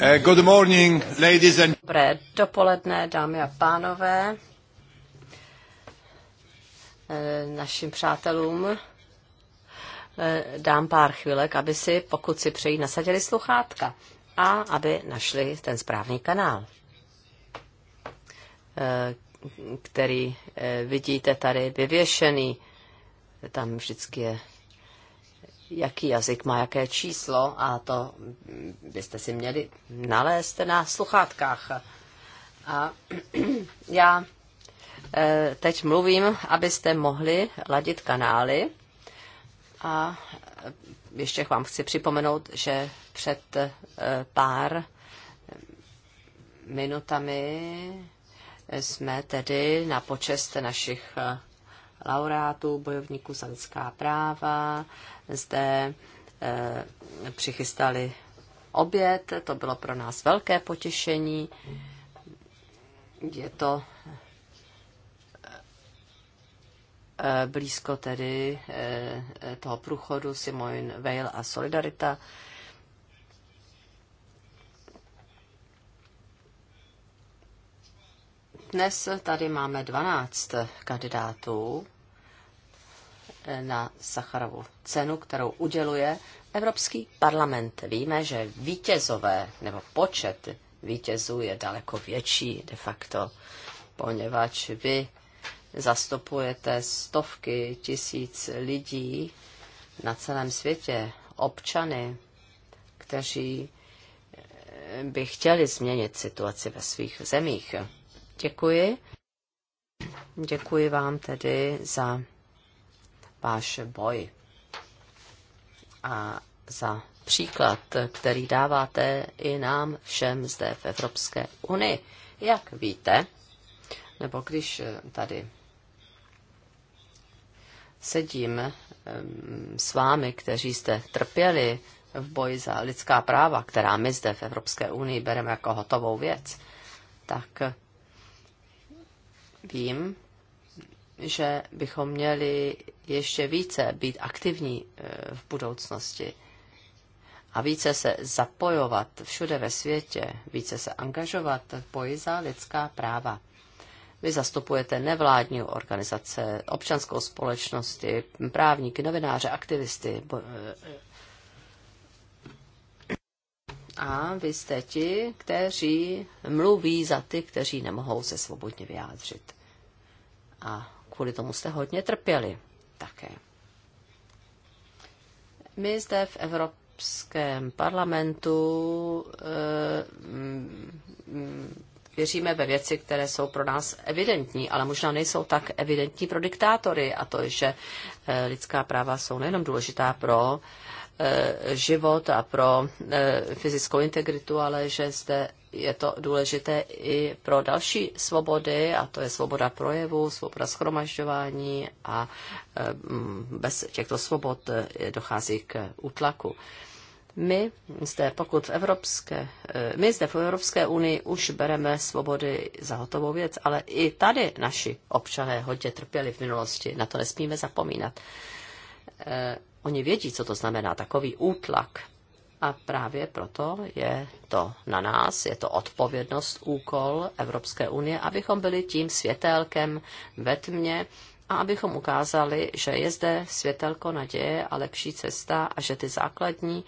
Eh, good morning, ladies and... Dobré dopoledne, dámy a pánové, eh, našim přátelům eh, dám pár chvilek, aby si, pokud si přejí, nasadili sluchátka a aby našli ten správný kanál, který vidíte tady vyvěšený. Tam vždycky je jaký jazyk má jaké číslo a to byste si měli nalézt na sluchátkách. A já eh, teď mluvím, abyste mohli ladit kanály a eh, ještě vám chci připomenout, že před eh, pár minutami jsme tedy na počest našich laureátů, bojovníků za lidská práva. Zde eh, přichystali oběd, to bylo pro nás velké potěšení. Je to eh, eh, blízko tedy eh, toho průchodu Simone Veil a Solidarita Dnes tady máme 12 kandidátů na Sacharovu cenu, kterou uděluje Evropský parlament. Víme, že vítězové nebo počet vítězů je daleko větší de facto, poněvadž vy zastupujete stovky tisíc lidí na celém světě, občany, kteří by chtěli změnit situaci ve svých zemích. Děkuji. Děkuji vám tedy za váš boj a za příklad, který dáváte i nám všem zde v Evropské unii. Jak víte, nebo když tady sedím s vámi, kteří jste trpěli v boji za lidská práva, která my zde v Evropské unii bereme jako hotovou věc, tak vím, že bychom měli ještě více být aktivní eh, v budoucnosti a více se zapojovat všude ve světě, více se angažovat v boji za lidská práva. Vy zastupujete nevládní organizace, občanskou společnosti, právníky, novináře, aktivisty. Eh, a vy jste ti, kteří mluví za ty, kteří nemohou se svobodně vyjádřit a kvůli tomu jste hodně trpěli také. My zde v Evropském parlamentu eh, mm, věříme ve věci, které jsou pro nás evidentní, ale možná nejsou tak evidentní pro diktátory a to, je, že eh, lidská práva jsou nejenom důležitá pro Eh, život a pro eh, fyzickou integritu, ale že zde je to důležité i pro další svobody, a to je svoboda projevu, svoboda schromažďování a eh, bez těchto svobod dochází k útlaku. My zde, pokud v Evropské, my zde v Evropské unii už bereme svobody za hotovou věc, ale i tady naši občané hodně trpěli v minulosti, na to nesmíme zapomínat Oni vědí, co to znamená takový útlak. A právě proto je to na nás, je to odpovědnost, úkol Evropské unie, abychom byli tím světélkem ve tmě a abychom ukázali, že je zde světelko naděje a lepší cesta a že ty základní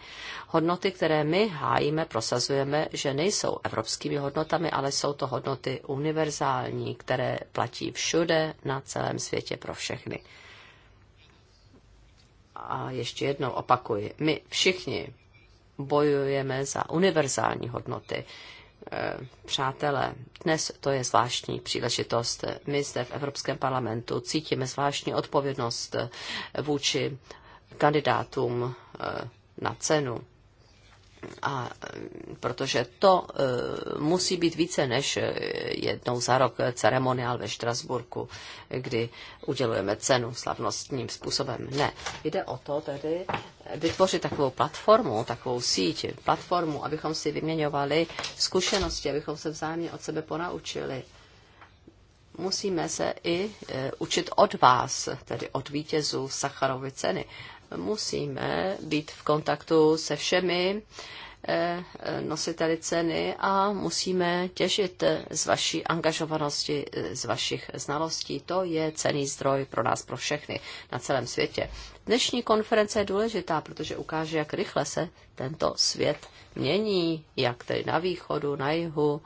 hodnoty, které my hájíme, prosazujeme, že nejsou evropskými hodnotami, ale jsou to hodnoty univerzální, které platí všude na celém světě pro všechny. A ještě jednou opakuji, my všichni bojujeme za univerzální hodnoty. E, přátelé, dnes to je zvláštní příležitost. My zde v Evropském parlamentu cítíme zvláštní odpovědnost vůči kandidátům e, na cenu a e, protože to e, musí být více než jednou za rok ceremoniál ve Štrasburku, kdy udělujeme cenu slavnostním způsobem. Ne, jde o to tedy vytvořit takovou platformu, takovou síť, platformu, abychom si vyměňovali zkušenosti, abychom se vzájemně od sebe ponaučili musíme se i e, učit od vás, tedy od vítězů Sacharovy ceny. Musíme být v kontaktu se všemi e, nositeli ceny a musíme těžit z vaší angažovanosti, e, z vašich znalostí. To je cený zdroj pro nás, pro všechny na celém světě. Dnešní konference je důležitá, protože ukáže, jak rychle se tento svět mění, jak tedy na východu, na jihu,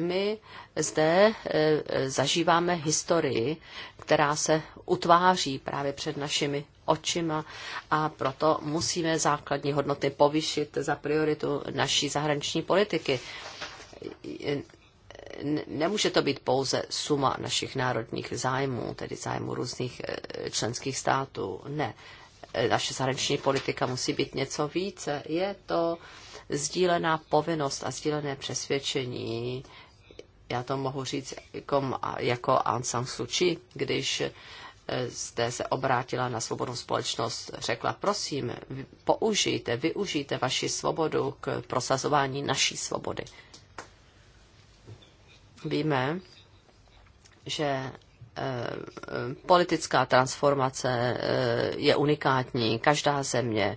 my zde eh, zažíváme historii, která se utváří právě před našimi očima a proto musíme základní hodnoty povyšit za prioritu naší zahraniční politiky. Nemůže to být pouze suma našich národních zájmů, tedy zájmů různých eh, členských států. Ne. Eh, naše zahraniční politika musí být něco více. Je to sdílená povinnost a sdílené přesvědčení já to mohu říct jako, jako Aung San Suu Kyi, když jste eh, se obrátila na svobodnou společnost, řekla, prosím, použijte, využijte vaši svobodu k prosazování naší svobody. Víme, že eh, eh, politická transformace je unikátní. Každá země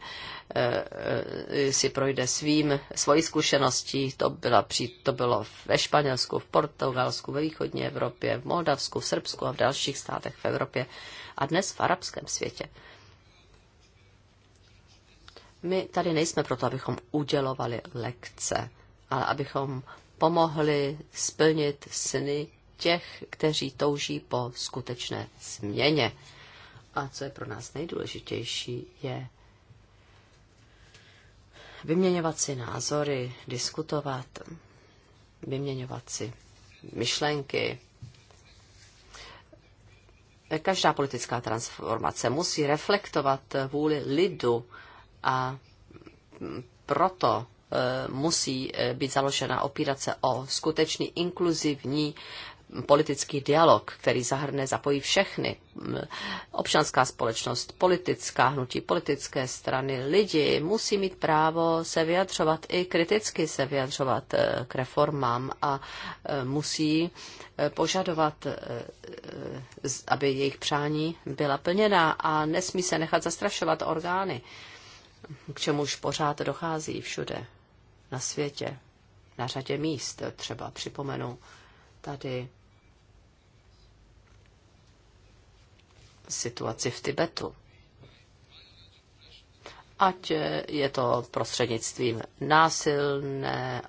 Eh, eh, si projde svým, svojí zkušeností. To, byla, při, to bylo ve Španělsku, v Portugalsku, ve východní Evropě, v Moldavsku, v Srbsku a v dalších státech v Evropě a dnes v arabském světě. My tady nejsme proto, abychom udělovali lekce, ale abychom pomohli splnit sny těch, kteří touží po skutečné změně. A co je pro nás nejdůležitější, je vyměňovat si názory, diskutovat, vyměňovat si myšlenky. Každá politická transformace musí reflektovat vůli lidu a proto eh, musí eh, být založena opírat se o skutečný inkluzivní politický dialog, který zahrne, zapojí všechny. Občanská společnost, politická hnutí, politické strany, lidi musí mít právo se vyjadřovat i kriticky se vyjadřovat eh, k reformám a eh, musí eh, požadovat, aby jejich přání byla plněna a nesmí se nechat zastrašovat orgány, k čemuž pořád dochází všude na světě, na řadě míst. Třeba připomenu tady situaci v Tibetu. Ať je to prostřednictvím násilného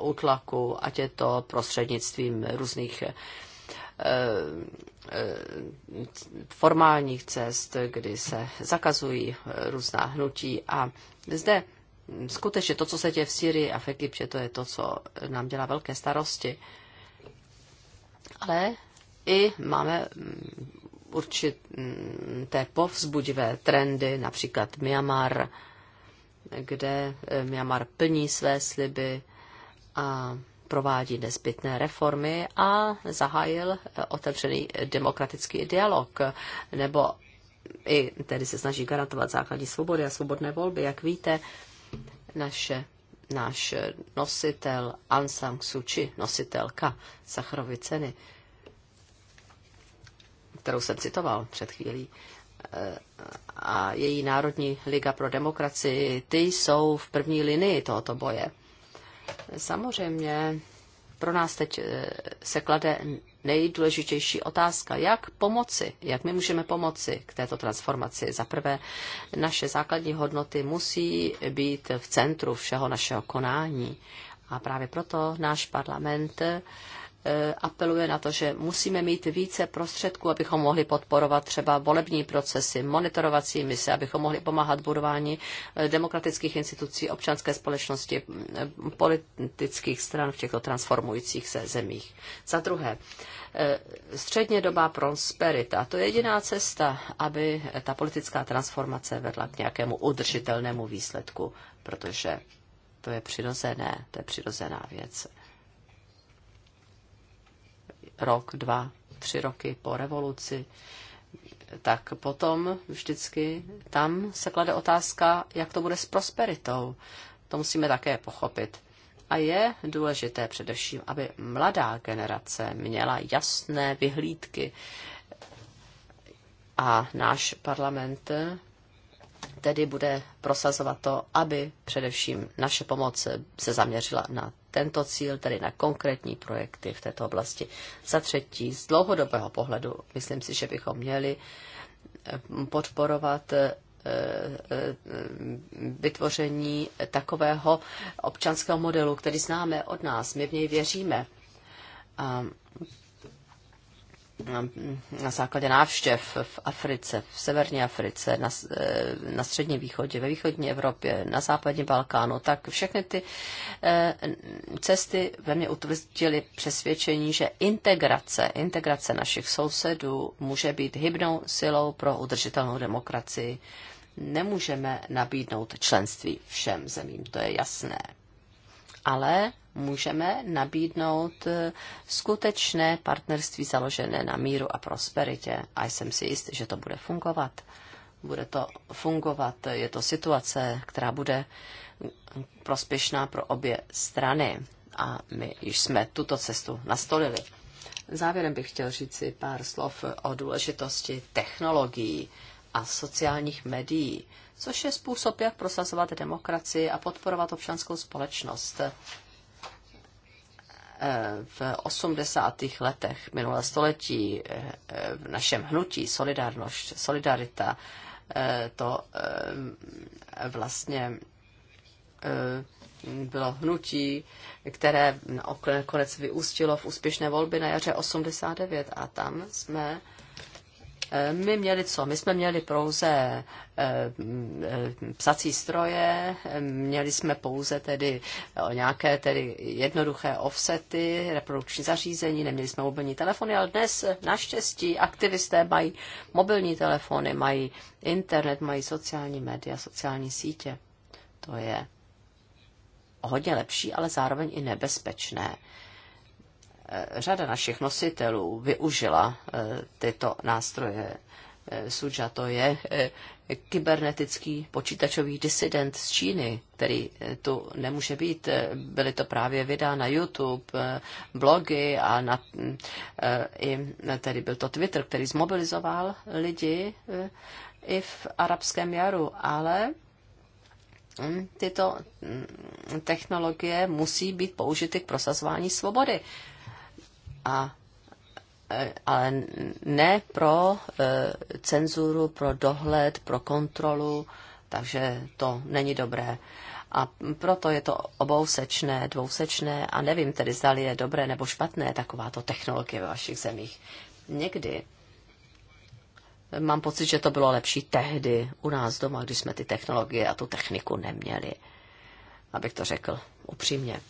útlaku, ať je to prostřednictvím různých eh, eh, formálních cest, kdy se zakazují různá hnutí. A zde skutečně to, co se děje v Syrii a v Egyptě, to je to, co nám dělá velké starosti. Ale i máme určité povzbudivé trendy, například Myanmar, kde eh, Myanmar plní své sliby a provádí nezbytné reformy a zahájil eh, otevřený demokratický dialog, nebo i tedy se snaží garantovat základní svobody a svobodné volby. Jak víte, naše, náš nositel Aung San Suu Kyi, nositelka Sacharovy ceny, kterou jsem citoval před chvílí, eh, a její Národní liga pro demokracii, ty jsou v první linii tohoto boje. Samozřejmě pro nás teď eh, se klade nejdůležitější otázka, jak pomoci, jak my můžeme pomoci k této transformaci. Za prvé, naše základní hodnoty musí být v centru všeho našeho konání. A právě proto náš parlament eh, Eh, apeluje na to, že musíme mít více prostředků, abychom mohli podporovat třeba volební procesy, monitorovací mise, abychom mohli pomáhat budování eh, demokratických institucí, občanské společnosti, mm, politických stran v těchto transformujících se zemích. Za druhé, eh, středně doba prosperita. To je jediná cesta, aby ta politická transformace vedla k nějakému udržitelnému výsledku, protože to je přirozené, to je přirozená věc rok, dva, tři roky po revoluci, tak potom vždycky tam se klade otázka, jak to bude s prosperitou. To musíme také pochopit. A je důležité především, aby mladá generace měla jasné vyhlídky. A náš parlament tedy bude prosazovat to, aby především naše pomoc se zaměřila na tento cíl, tedy na konkrétní projekty v této oblasti. Za třetí, z dlouhodobého pohledu, myslím si, že bychom měli eh, podporovat eh, eh, vytvoření takového občanského modelu, který známe od nás, my v něj věříme na základě návštěv v Africe, v severní Africe, na, eh, na středním východě, ve východní Evropě, na západním Balkánu, tak všechny ty eh, cesty ve mně utvrdily přesvědčení, že integrace, integrace našich sousedů může být hybnou silou pro udržitelnou demokracii. Nemůžeme nabídnout členství všem zemím, to je jasné ale můžeme nabídnout eh, skutečné partnerství založené na míru a prosperitě. A jsem si jist, že to bude fungovat. Bude to fungovat, je to situace, která bude prospěšná pro obě strany. A my již jsme tuto cestu nastolili. Závěrem bych chtěl říct si pár slov o důležitosti technologií a sociálních médií což je způsob, jak prosazovat demokracii a podporovat občanskou společnost. E, v 80. letech minulého století e, v našem hnutí Solidarnost Solidarita e, to vlastně bylo hnutí, které nakonec vyústilo v úspěšné volby na jaře 89 a tam jsme Eh, my měli co? My jsme měli pouze eh, eh, psací stroje, měli jsme pouze tedy nějaké tedy jednoduché offsety, reprodukční zařízení, neměli jsme mobilní telefony, ale dnes naštěstí aktivisté mají mobilní telefony, mají internet, mají sociální média, sociální sítě. To je hodně lepší, ale zároveň i nebezpečné. Eh, řada našich nositelů využila eh, tyto nástroje. Eh, Suja to je kybernetický počítačový disident z Číny, který tu nemůže být. Byly to právě videa na YouTube, blogy a na, mm, i tedy byl to Twitter, který zmobilizoval lidi i v arabském jaru, ale mm, tyto mm, technologie musí být použity k prosazování svobody a e, ale ne pro e, cenzuru, pro dohled, pro kontrolu, takže to není dobré. A proto je to obousečné, dvousečné a nevím tedy, zda je dobré nebo špatné takováto technologie ve vašich zemích. Někdy mám pocit, že to bylo lepší tehdy u nás doma, když jsme ty technologie a tu techniku neměli. Abych to řekl upřímně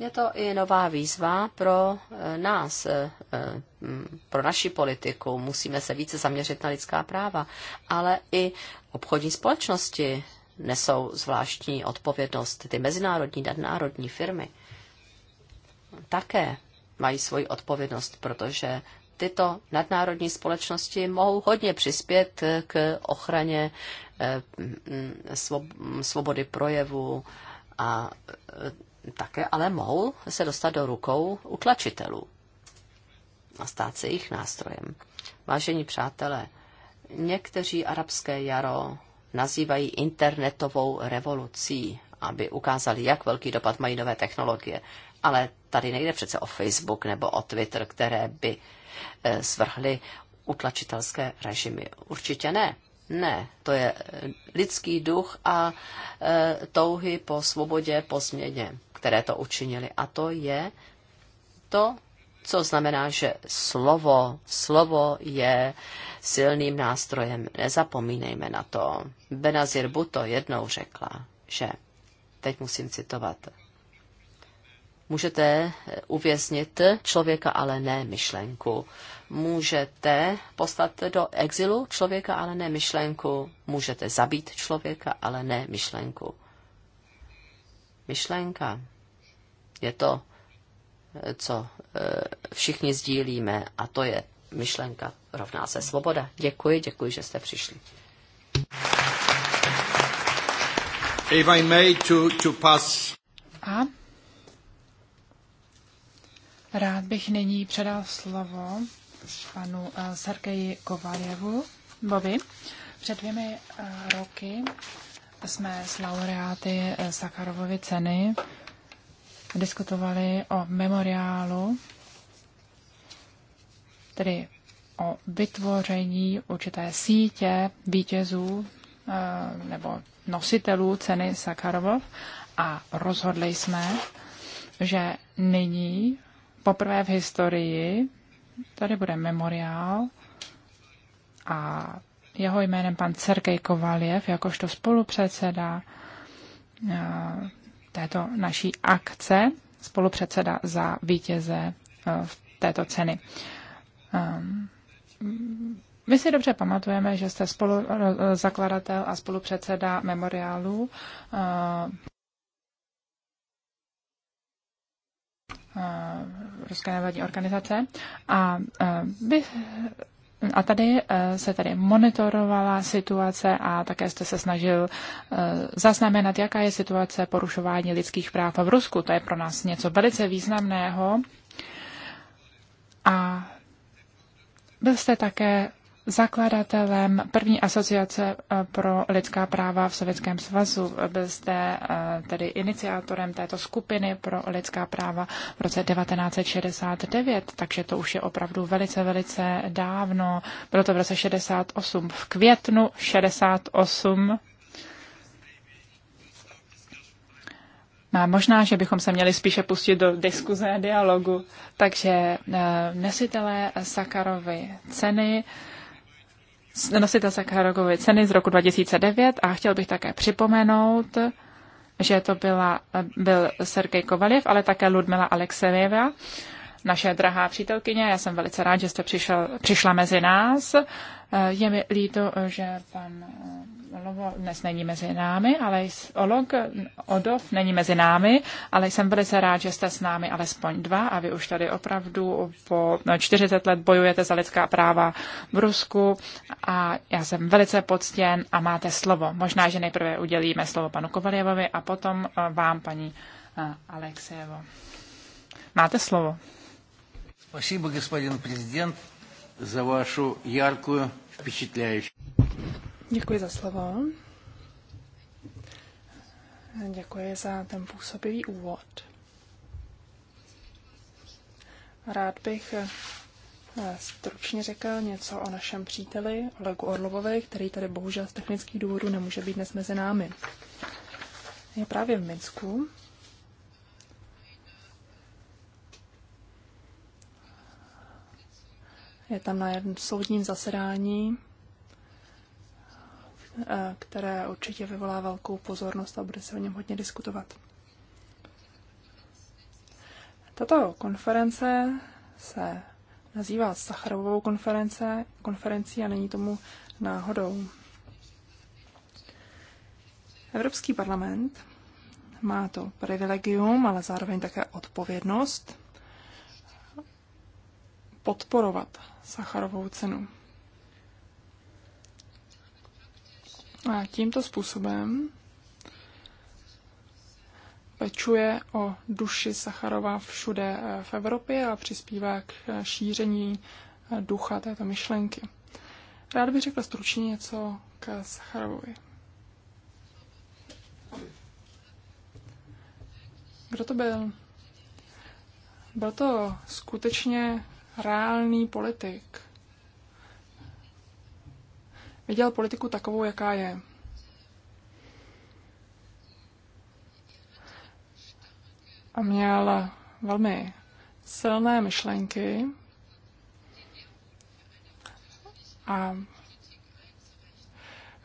je to i nová výzva pro eh, nás, eh, eh, pro naši politiku. Musíme se více zaměřit na lidská práva, ale i obchodní společnosti nesou zvláštní odpovědnost. Ty mezinárodní, nadnárodní firmy také mají svoji odpovědnost, protože tyto nadnárodní společnosti mohou hodně přispět k ochraně svobody projevu a také ale mohou se dostat do rukou utlačitelů a stát se jejich nástrojem. Vážení přátelé, někteří arabské jaro nazývají internetovou revolucí, aby ukázali, jak velký dopad mají nové technologie. Ale tady nejde přece o Facebook nebo o Twitter, které by eh, svrhly utlačitelské režimy. Určitě ne. Ne, to je eh, lidský duch a e, touhy po svobodě, po změně, které to učinili. A to je to, co znamená, že slovo, slovo je silným nástrojem. Nezapomínejme na to. Benazir Buto jednou řekla, že, teď musím citovat, Můžete eh, uvěznit člověka, ale ne myšlenku. Můžete poslat do exilu člověka, ale ne myšlenku. Můžete zabít člověka, ale ne myšlenku. Myšlenka je to, eh, co eh, všichni sdílíme, a to je myšlenka rovná se svoboda. Děkuji, děkuji, že jste přišli. If I may to, to pass. A Rád bych nyní předal slovo panu eh, Sergeji Kovaljevu. Bobby, před dvěmi eh, roky jsme s laureáty eh, Sakarovovy ceny diskutovali o memoriálu, tedy o vytvoření určité sítě vítězů nebo nositelů ceny Sakarovov a rozhodli jsme, že nyní poprvé v historii tady bude memoriál a jeho jménem pan Sergej Kovaljev, jakožto spolupředseda této naší akce, spolupředseda za vítěze e, v této ceny. My si dobře pamatujeme, že jste spolu e, zakladatel a spolupředseda memoriálu e, Eh, ruské nevládní organizace a by eh, a tady eh, se tady monitorovala situace a také jste se snažil zaznamenat, jaká je situace porušování lidských práv v Rusku. To je pro nás něco velice významného. A byl jste také zakladatelem první asociace eh, pro lidská práva v Sovětském svazu. Byl jste eh, tedy iniciátorem této skupiny pro lidská práva v roce 1969, takže to už je opravdu velice, velice dávno. Bylo to v roce 68, v květnu 68. No a možná, že bychom se měli spíše pustit do diskuze a dialogu. Takže eh, nesitelé Sakarovy ceny nositel Sakharovovy ceny z roku 2009 a chtěl bych také připomenout, že to byla, byl Sergej Kovaljev, ale také Ludmila Alexejeva, naše drahá přítelkyně. Já jsem velice rád, že jste přišel, přišla mezi nás. Eh, je mi líto, že pan Olovo eh, dnes není mezi námi, ale Olog Odov není mezi námi, ale jsem velice rád, že jste s námi alespoň dva a vy už tady opravdu po 40 no, let bojujete za lidská práva v Rusku a já jsem velice poctěn a máte slovo. Možná, že nejprve udělíme slovo panu Kovaljevovi a potom eh, vám, paní Alexejevo. Máte slovo. Спасибо, господин президент, za vašu яркую, впечатляющую. Děkuji za slovo. Děkuji za ten působivý úvod. Rád bych eh, stručně řekl něco o našem příteli Olegu Orlovovi, který tady bohužel z technických důvodů nemůže být dnes mezi námi. Je právě v Minsku Je tam na jednom soudním zasedání, eh, které určitě vyvolá velkou pozornost a bude se o něm hodně diskutovat. Tato konference se nazývá Sacharovou konference, konferencí a není tomu náhodou. Evropský parlament má to privilegium, ale zároveň také odpovědnost podporovat Sacharovou cenu. A tímto způsobem pečuje o duši Sacharova všude eh, v Evropě a přispívá k eh, šíření eh, ducha této myšlenky. Rád bych řekla stručně něco k Sacharovovi. Kdo to byl? Byl to skutečně reálný politik. Viděl politiku takovou, jaká je. A měl velmi silné myšlenky a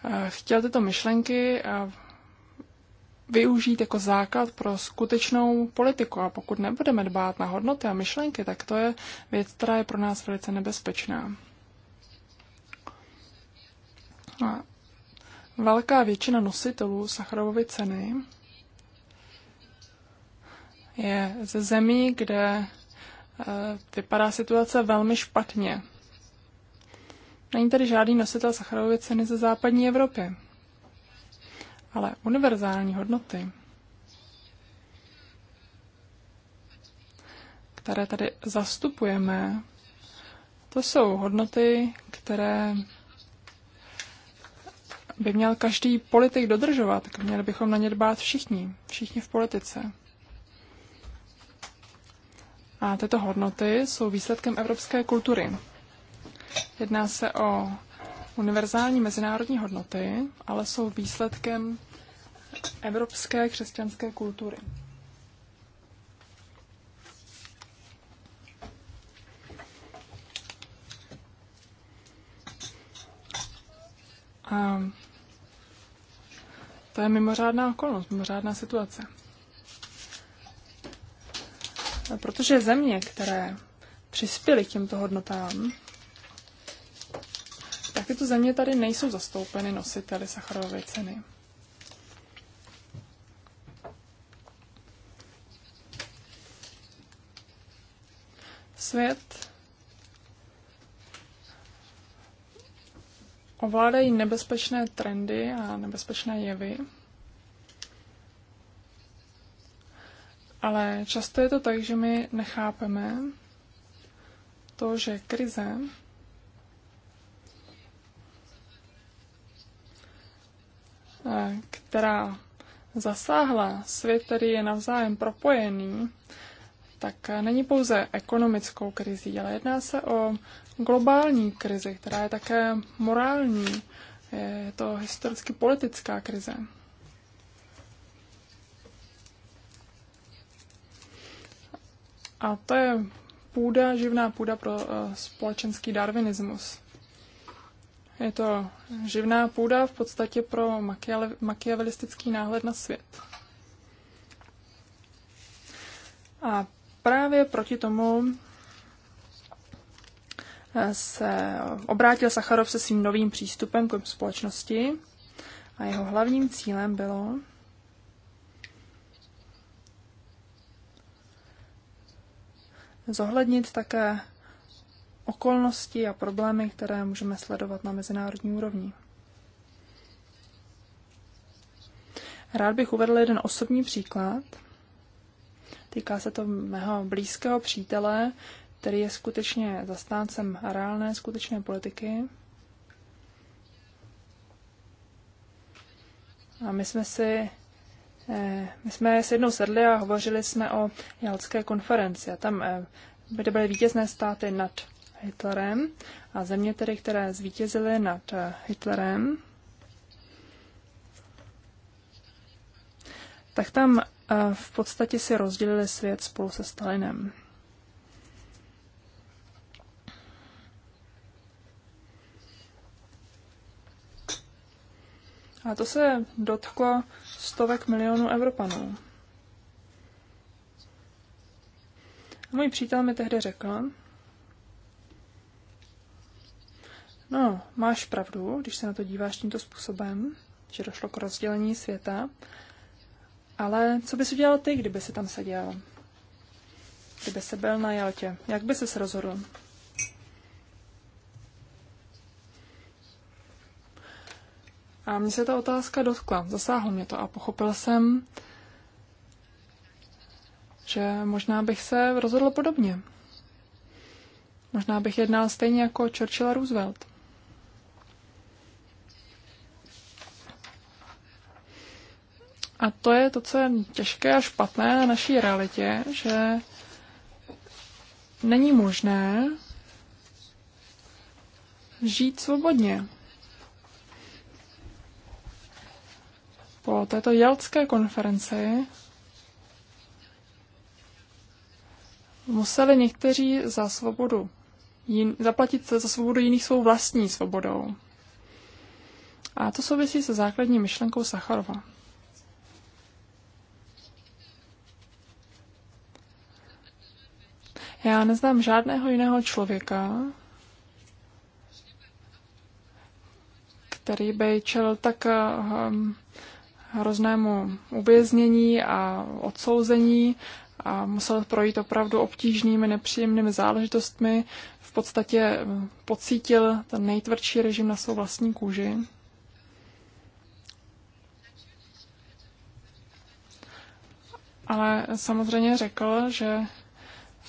eh, chtěl tyto myšlenky eh, využít jako základ pro skutečnou politiku. A pokud nebudeme dbát na hodnoty a myšlenky, tak to je věc, která je pro nás velice nebezpečná. A velká většina nositelů Sacharovovy ceny je ze zemí, kde eh, vypadá situace velmi špatně. Není tady žádný nositel Sacharovovy ceny ze západní Evropy. Ale univerzální hodnoty, které tady zastupujeme, to jsou hodnoty, které by měl každý politik dodržovat. Měli bychom na ně dbát všichni, všichni v politice. A tyto hodnoty jsou výsledkem evropské kultury. Jedná se o univerzální mezinárodní hodnoty, ale jsou výsledkem evropské křesťanské kultury. A to je mimořádná okolnost, mimořádná situace. Protože země, které přispěly k těmto hodnotám, tak tyto země tady nejsou zastoupeny nositeli sacharové ceny. Svět ovládají nebezpečné trendy a nebezpečné jevy. Ale často je to tak, že my nechápeme to, že krize Eh, která zasáhla svět, který je navzájem propojený, tak eh, není pouze ekonomickou krizí, ale jedná se o globální krizi, která je také morální. Je to historicky politická krize. A to je půda, živná půda pro eh, společenský darwinismus. Je to živná půda v podstatě pro machiavelistický náhled na svět. A právě proti tomu eh, se obrátil Sacharov se svým novým přístupem k společnosti a jeho hlavním cílem bylo zohlednit také okolnosti a problémy, které můžeme sledovat na mezinárodní úrovni. Rád bych uvedl jeden osobní příklad. Týká se to mého blízkého přítele, který je skutečně zastáncem reálné skutečné politiky. A my jsme si eh, my jsme se jednou sedli a hovořili jsme o Jalské konferenci a tam eh, kde byly vítězné státy nad Hitlerem a země tedy, které zvítězily nad eh, Hitlerem, tak tam eh, v podstatě si rozdělili svět spolu se Stalinem. A to se dotklo stovek milionů Evropanů. Můj přítel mi tehdy řekl, Máš pravdu, když se na to díváš tímto způsobem, že došlo k rozdělení světa, ale co bys udělal ty, kdyby se tam seděl? Kdyby se byl na Jaltě, jak by se rozhodl? A mě se ta otázka dotkla, Zasáhl mě to a pochopil jsem, že možná bych se rozhodl podobně. Možná bych jednal stejně jako Churchill a Roosevelt. A to je to, co je těžké a špatné na naší realitě, že není možné žít svobodně. Po této jeltské konferenci museli někteří za svobodu jin, zaplatit za svobodu jiných svou vlastní svobodou. A to souvisí se základní myšlenkou Sacharova. Já neznám žádného jiného člověka, který by čelil tak eh, hm, hroznému uvěznění a odsouzení a musel projít opravdu obtížnými, nepříjemnými záležitostmi. V podstatě hm, pocítil ten nejtvrdší režim na svou vlastní kůži. Ale samozřejmě řekl, že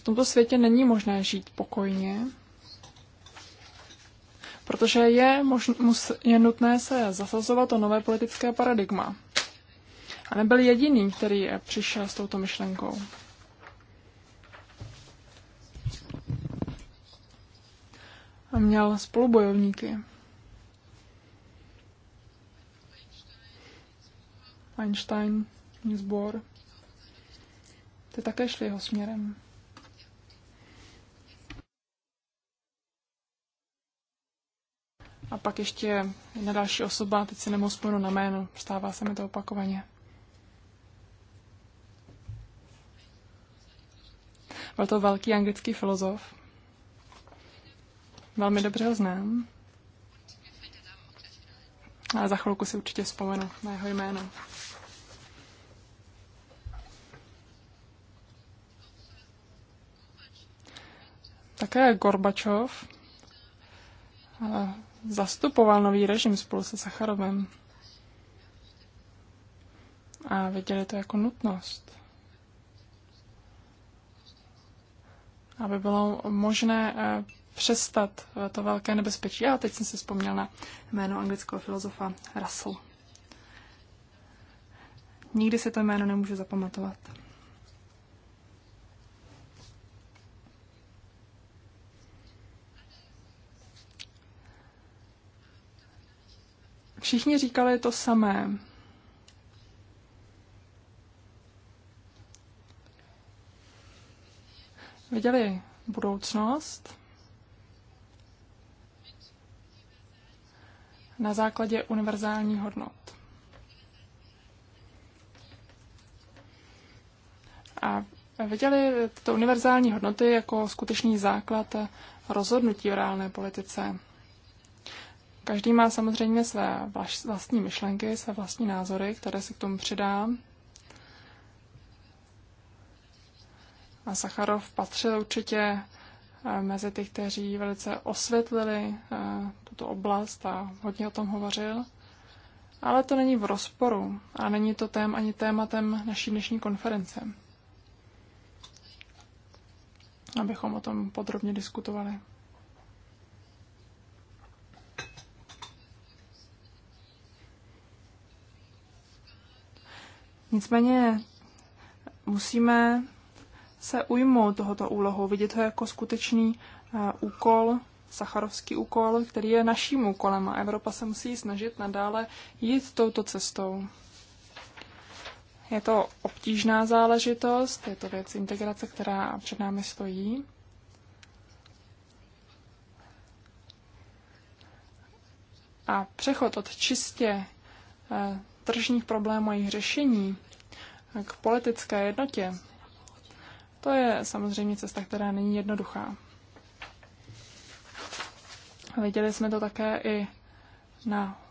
tomto světě není možné žít pokojně, protože je, možn, mus, je nutné se zasazovat o nové politické paradigma. A nebyl jediný, který přišel s touto myšlenkou. A měl spolubojovníky. Einstein, Niels Bohr, ty také šli jeho směrem. A pak ještě jedna další osoba, teď si nemohu vzpomenout na jméno, stává se mi to opakovaně. Byl to velký anglický filozof. Velmi dobře ho znám. A za chvilku si určitě vzpomenu na jeho jméno. Také Gorbačov zastupoval nový režim spolu se Sacharovem. A viděli to jako nutnost. Aby bylo možné eh, přestat eh, to velké nebezpečí. Já teď jsem si vzpomněl na jméno anglického filozofa Russell. Nikdy si to jméno nemůžu zapamatovat. Všichni říkali to samé. Viděli budoucnost na základě univerzální hodnot. A viděli tyto univerzální hodnoty jako skutečný základ rozhodnutí v reálné politice. Každý má samozřejmě své vlastní myšlenky, své vlastní názory, které si k tomu přidá. A Sacharov patřil určitě eh, mezi ty, kteří velice osvětlili eh, tuto oblast a hodně o tom hovořil. Ale to není v rozporu a není to tém ani tématem naší dnešní konference. Abychom o tom podrobně diskutovali. Nicméně musíme se ujmout tohoto úlohu, vidět to jako skutečný eh, úkol, sacharovský úkol, který je naším úkolem a Evropa se musí snažit nadále jít touto cestou. Je to obtížná záležitost, je to věc integrace, která před námi stojí. A přechod od čistě eh, tržních problémů a jejich řešení, k politické jednotě, to je samozřejmě cesta, která není jednoduchá. Viděli jsme to také i na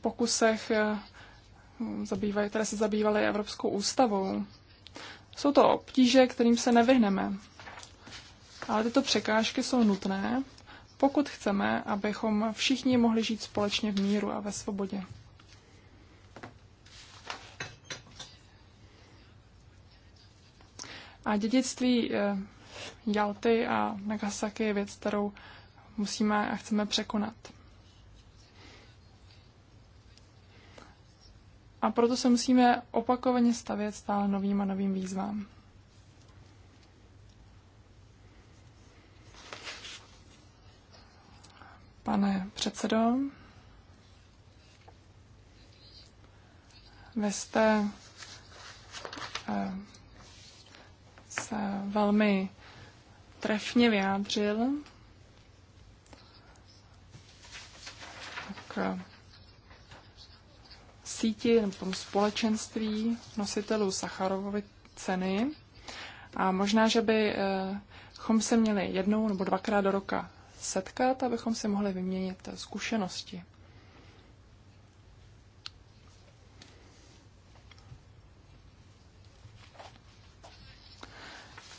pokusech, eh, které se zabývaly Evropskou ústavou. Jsou to obtíže, kterým se nevyhneme. Ale tyto překážky jsou nutné, pokud chceme, abychom všichni mohli žít společně v míru a ve svobodě. A dědictví eh, Jalty a Nagasaki je věc, kterou musíme a chceme překonat. A proto se musíme opakovaně stavět stále novým a novým výzvám. Pane předsedo, vy jste eh, se velmi trefně vyjádřil k eh, síti nebo společenství nositelů Sacharovovy ceny. A možná, že bychom eh, se měli jednou nebo dvakrát do roka setkat, abychom si mohli vyměnit eh, zkušenosti.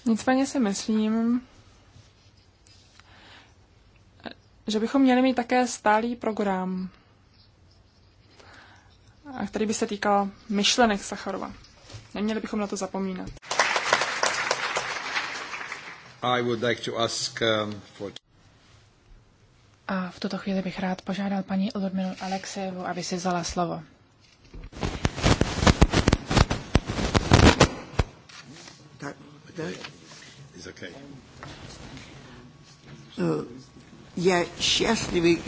Nicméně si myslím, že bychom měli mít také stálý program, který by se týkal myšlenek Sacharova. Neměli bychom na to zapomínat. I would like to ask, um, for... A v tuto chvíli bych rád požádal paní Ludmilu Alexejevu, aby si vzala slovo. the It's Я счастливый,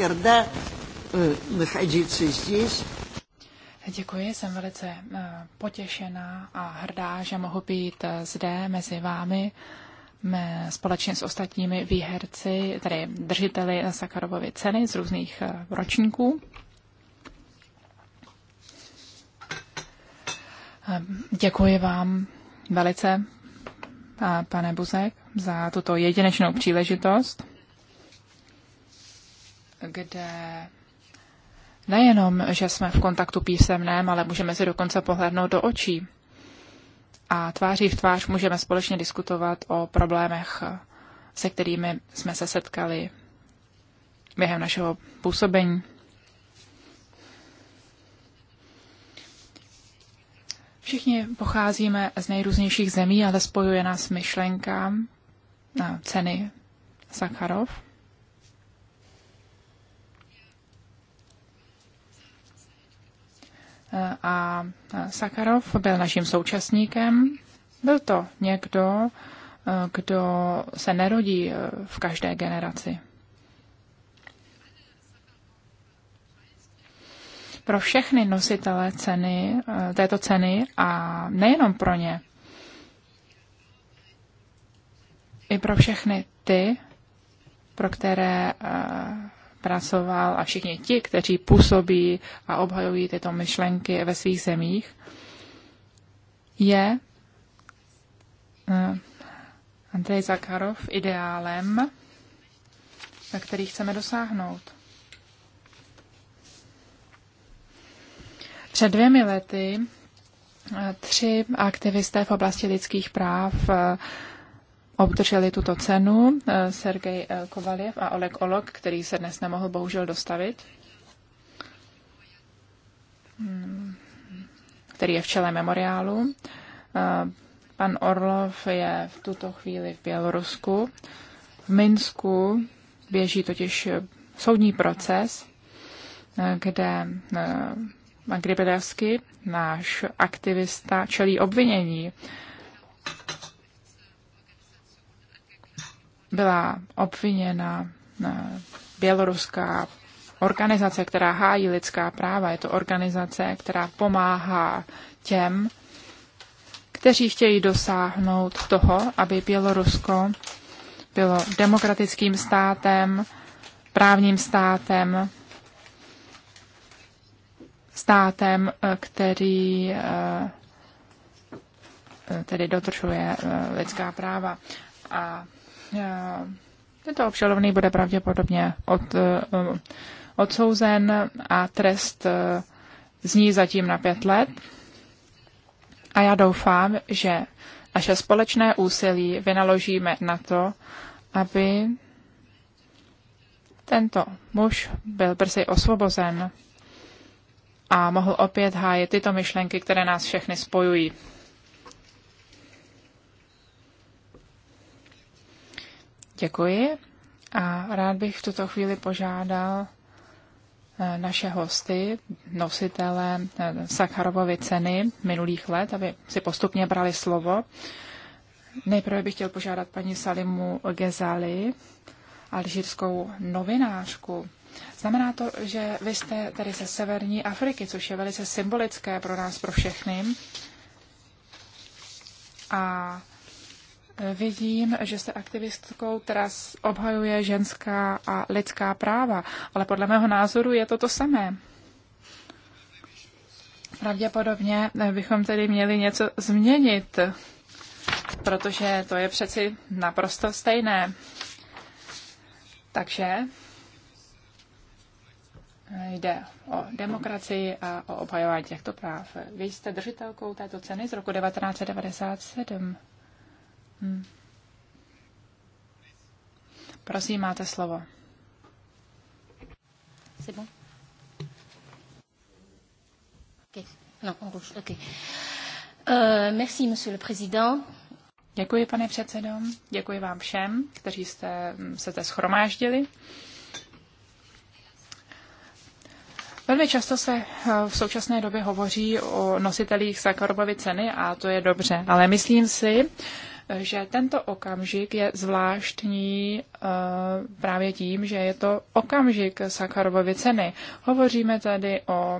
находиться здесь. Děkuji, jsem velice eh, potěšená a hrdá, že mohu být eh, zde mezi vámi společně s ostatními výherci, tedy držiteli Sakarovovy ceny z různých eh, ročníků. Děkuji vám velice pane Buzek, za tuto jedinečnou příležitost, kde nejenom, že jsme v kontaktu písemném, ale můžeme si dokonce pohlednout do očí a tváří v tvář můžeme společně diskutovat o problémech, se kterými jsme se setkali během našeho působení. Všichni pocházíme z nejrůznějších zemí, ale spojuje nás myšlenka na ceny Sakharov. A Sakharov byl naším současníkem. Byl to někdo, kdo se nerodí v každé generaci. pro všechny nositele ceny, eh, této ceny a nejenom pro ně, i pro všechny ty, pro které eh, pracoval a všichni ti, kteří působí a obhajují tyto myšlenky ve svých zemích, je eh, Andrej Zakharov ideálem, na který chceme dosáhnout. Před dvěmi lety eh, tři aktivisté v oblasti lidských práv eh, obdrželi tuto cenu. Eh, Sergej Kovaljev a Oleg Olok, který se dnes nemohl bohužel dostavit, mm, který je v čele memoriálu. Pan Orlov je v tuto chvíli v Bělorusku. V Minsku běží totiž soudní proces, kde Gribedevsky, náš aktivista, čelí obvinění. Byla obviněna eh, běloruská organizace, která hájí lidská práva. Je to organizace, která pomáhá těm, kteří chtějí dosáhnout toho, aby Bělorusko bylo demokratickým státem, právním státem, státem, eh, který eh, eh, tedy dodržuje lidská práva. A tento obžalovaný bude pravděpodobně od, odsouzen a trest zní zatím na pět let. A já doufám, že naše společné úsilí vynaložíme na to, aby tento muž byl brzy osvobozen a mohl opět hájit tyto myšlenky, které nás všechny spojují. Děkuji a rád bych v tuto chvíli požádal eh, naše hosty, nositele eh, Sakharovovy ceny minulých let, aby si postupně brali slovo. Nejprve bych chtěl požádat paní Salimu Gezali, alžírskou novinářku, Znamená to, že vy jste tedy ze severní Afriky, což je velice symbolické pro nás, pro všechny. A vidím, že jste aktivistkou, která obhajuje ženská a lidská práva, ale podle mého názoru je to to samé. Pravděpodobně bychom tedy měli něco změnit, protože to je přeci naprosto stejné. Takže Jde o demokracii a o obhajování těchto práv. Vy jste držitelkou této ceny z roku 1997. Hm. Prosím, máte slovo. No, merci, Děkuji, pane předsedo. Děkuji vám všem, kteří jste hm, se zde schromáždili. Velmi často se eh, v současné době hovoří o nositelích Sakharovovy ceny a to je dobře, ale myslím si, eh, že tento okamžik je zvláštní eh, právě tím, že je to okamžik Sakharovovy ceny. Hovoříme tady o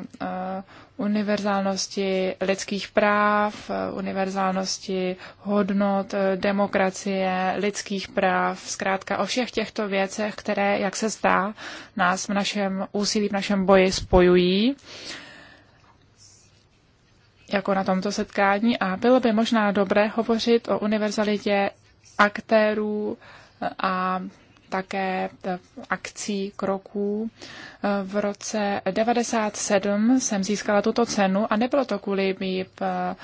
univerzálnosti lidských práv, univerzálnosti hodnot, demokracie, lidských práv, zkrátka o všech těchto věcech, které, jak se zdá, nás v našem úsilí, v našem boji spojují jako na tomto setkání a bylo by možná dobré hovořit o univerzalitě aktérů a také akcí, kroků. Eh, v roce 97 jsem získala tuto cenu a nebylo to kvůli mým eh,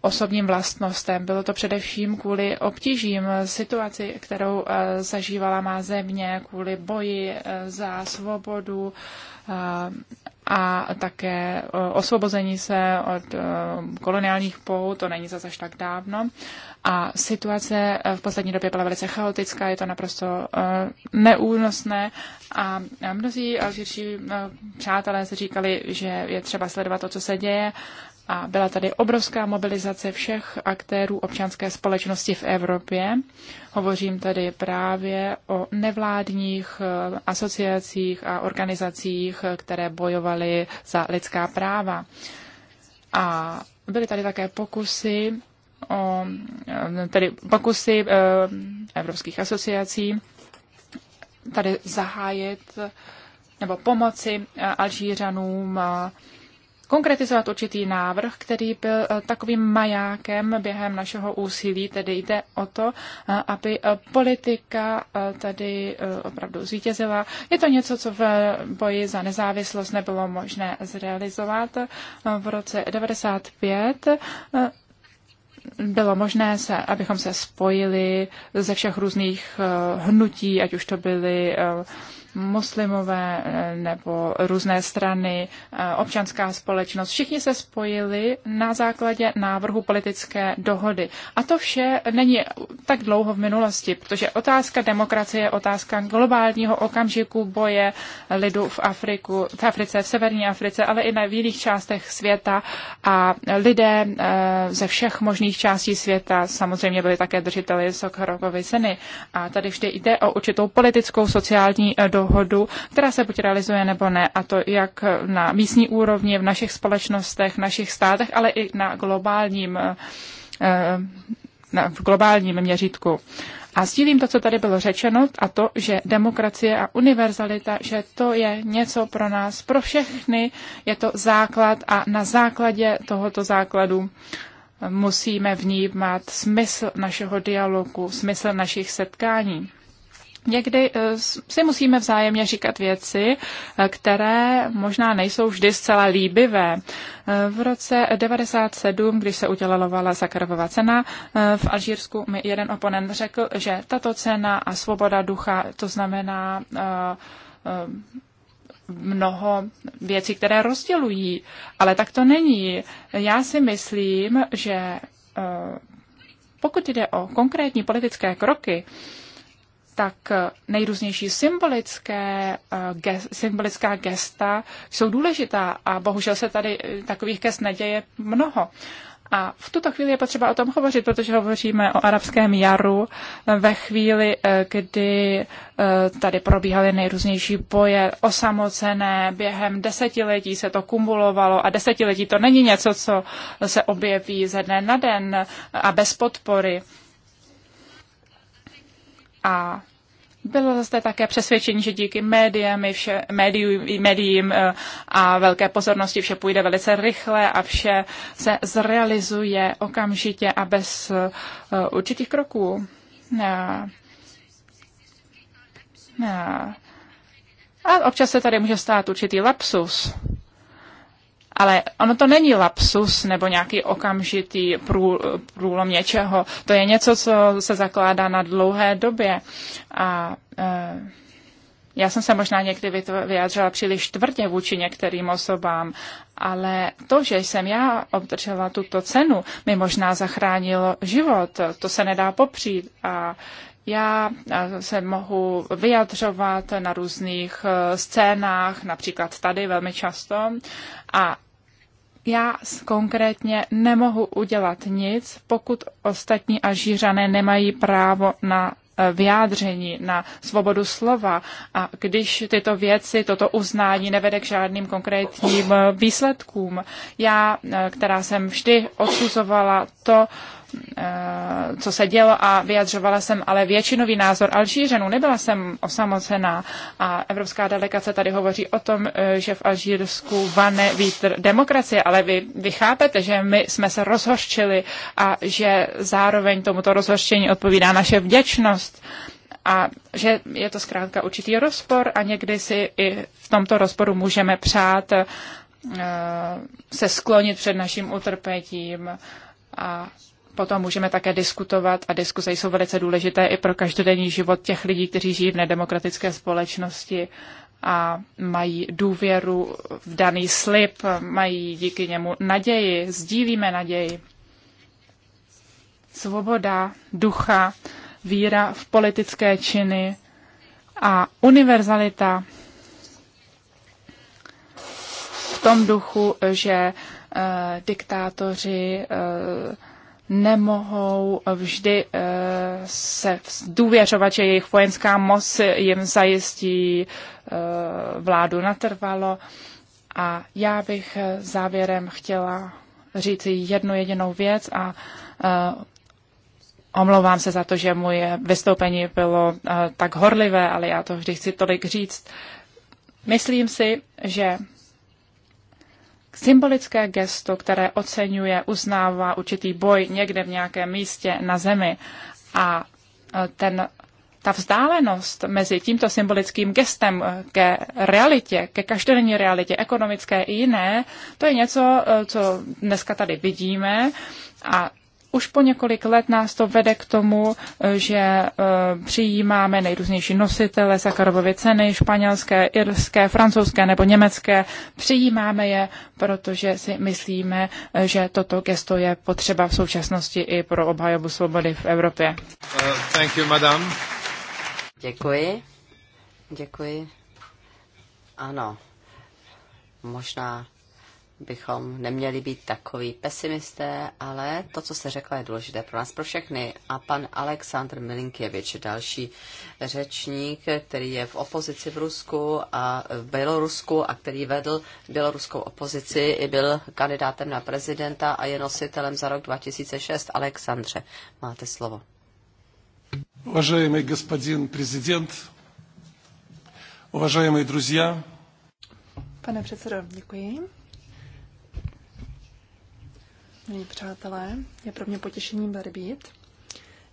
osobním vlastnostem. Bylo to především kvůli obtížím eh, situaci, kterou zažívala má země, kvůli boji za svobodu a také osvobození se od koloniálních pout, to není zase až tak dávno. A situace eh, v poslední době byla velice chaotická, je to naprosto eh, neúnosné a mnozí alžírští eh, přátelé se říkali, že je třeba sledovat to, co se děje a byla tady obrovská mobilizace všech aktérů občanské společnosti v Evropě. Hovořím tady právě o nevládních asociacích a organizacích, které bojovaly za lidská práva. A byly tady také pokusy o tedy pokusy eh, evropských asociací tady zahájit nebo pomoci eh, Alžířanům eh, konkretizovat určitý návrh, který byl takovým majákem během našeho úsilí, tedy jde o to, aby politika tady opravdu zvítězila. Je to něco, co v boji za nezávislost nebylo možné zrealizovat v roce 95 bylo možné, se, abychom se spojili ze všech různých eh, hnutí, ať už to byly eh, muslimové eh, nebo různé strany, eh, občanská společnost, všichni se spojili na základě návrhu politické dohody. A to vše není tak dlouho v minulosti, protože otázka demokracie je otázka globálního okamžiku boje lidu v, Afriku, v Africe, v severní Africe, ale i na v jiných částech světa. A lidé eh, ze všech možných částí světa samozřejmě byli také držiteli Sokharovovy ceny. A tady vždy jde o určitou politickou sociální dohodu dohodu, která se buď realizuje nebo ne, a to jak na místní úrovni, v našich společnostech, v našich státech, ale i na globálním, eh, eh, na, v globálním měřítku. A sdílím to, co tady bylo řečeno, a to, že demokracie a univerzalita, že to je něco pro nás, pro všechny, je to základ a na základě tohoto základu eh, musíme vnímat smysl našeho dialogu, smysl našich setkání. Někdy eh, si musíme vzájemně říkat věci, eh, které možná nejsou vždy zcela líbivé. Eh, v roce 97, když se udělovala Sakarovova cena v Alžírsku, mi jeden oponent řekl, že tato cena a svoboda ducha, to znamená mnoho věcí, které rozdělují, ale tak to není. Já si myslím, že pokud jde o konkrétní politické kroky, tak nejrůznější symbolické, eh, gest, symbolická gesta jsou důležitá a bohužel se tady eh, takových gest neděje mnoho. A v tuto chvíli je potřeba o tom hovořit, protože hovoříme o arabském jaru eh, ve chvíli, kdy tady probíhaly nejrůznější boje osamocené, během desetiletí se to kumulovalo a desetiletí to není něco, co se objeví ze dne na den a bez podpory. A bylo zase také přesvědčení, že díky médiím, vše, eh, médium, médiím a velké pozornosti vše půjde velice rychle a vše se zrealizuje okamžitě a bez eh, určitých kroků. Eh, a občas se tady může stát určitý lapsus ale ono to není lapsus nebo nějaký okamžitý prů, průlom něčeho. To je něco, co se zakládá na dlouhé době. A e, já jsem se možná někdy vyjádřila příliš tvrdě vůči některým osobám, ale to, že jsem já obdržela tuto cenu, mi možná zachránilo život. To se nedá popřít. A já e, se mohu vyjadřovat na různých e, scénách, například tady velmi často. A já konkrétně nemohu udělat nic, pokud ostatní Alžířané nemají právo na e, vyjádření, na svobodu slova. A když tyto věci, toto uznání nevede k žádným konkrétním e, výsledkům, já, e, která jsem vždy odsuzovala to, Eh, co se dělo a vyjadřovala jsem ale většinový názor Alžířanů. Nebyla jsem osamocená a evropská delegace tady hovoří o tom, eh, že v Alžírsku vane vítr demokracie, ale vy, vy chápete, že my jsme se rozhořčili a že zároveň tomuto rozhořčení odpovídá naše vděčnost a že je to zkrátka určitý rozpor a někdy si i v tomto rozporu můžeme přát eh, se sklonit před naším utrpením a potom můžeme také diskutovat a diskuze jsou velice důležité i pro každodenní život těch lidí, kteří žijí v nedemokratické společnosti a mají důvěru v daný slib, mají díky němu naději, sdílíme naději. Svoboda, ducha, víra v politické činy a univerzalita v tom duchu, že eh, diktátoři eh, nemohou vždy eh, se důvěřovat, že jejich vojenská moc jim zajistí eh, vládu natrvalo. A já bych eh, závěrem chtěla říct jednu jedinou věc a omlouvám se za to, že moje vystoupení bylo tak horlivé, ale já to vždy chci tolik říct. Myslím si, že symbolické gesto, které oceňuje, uznává určitý boj někde v nějakém místě na zemi. A e, ten, ta vzdálenost mezi tímto symbolickým gestem ke realitě, ke každodenní realitě, ekonomické i jiné, to je něco, e, co dneska tady vidíme a už po několik let nás to vede k tomu, eh, že eh, přijímáme nejrůznější nositele Sakarovovy ceny, španělské, irské, francouzské nebo německé. Přijímáme je, protože si myslíme, eh, že toto gesto je potřeba v současnosti i pro obhajobu svobody v Evropě. Uh, thank you, madam. Děkuji. Děkuji. Ano. Možná bychom neměli být takový pesimisté, ale to, co se řekla, je důležité pro nás, pro všechny. A pan Aleksandr Milinkěvič, další řečník, který je v opozici v Rusku a v Bělorusku a který vedl běloruskou opozici, i byl kandidátem na prezidenta a je nositelem za rok 2006. Aleksandře, máte slovo. Уважаемый gospodin prezident, уважаемые druzí. Pane předsedo, děkuji milí přátelé. Je pro mě potěšením tady být.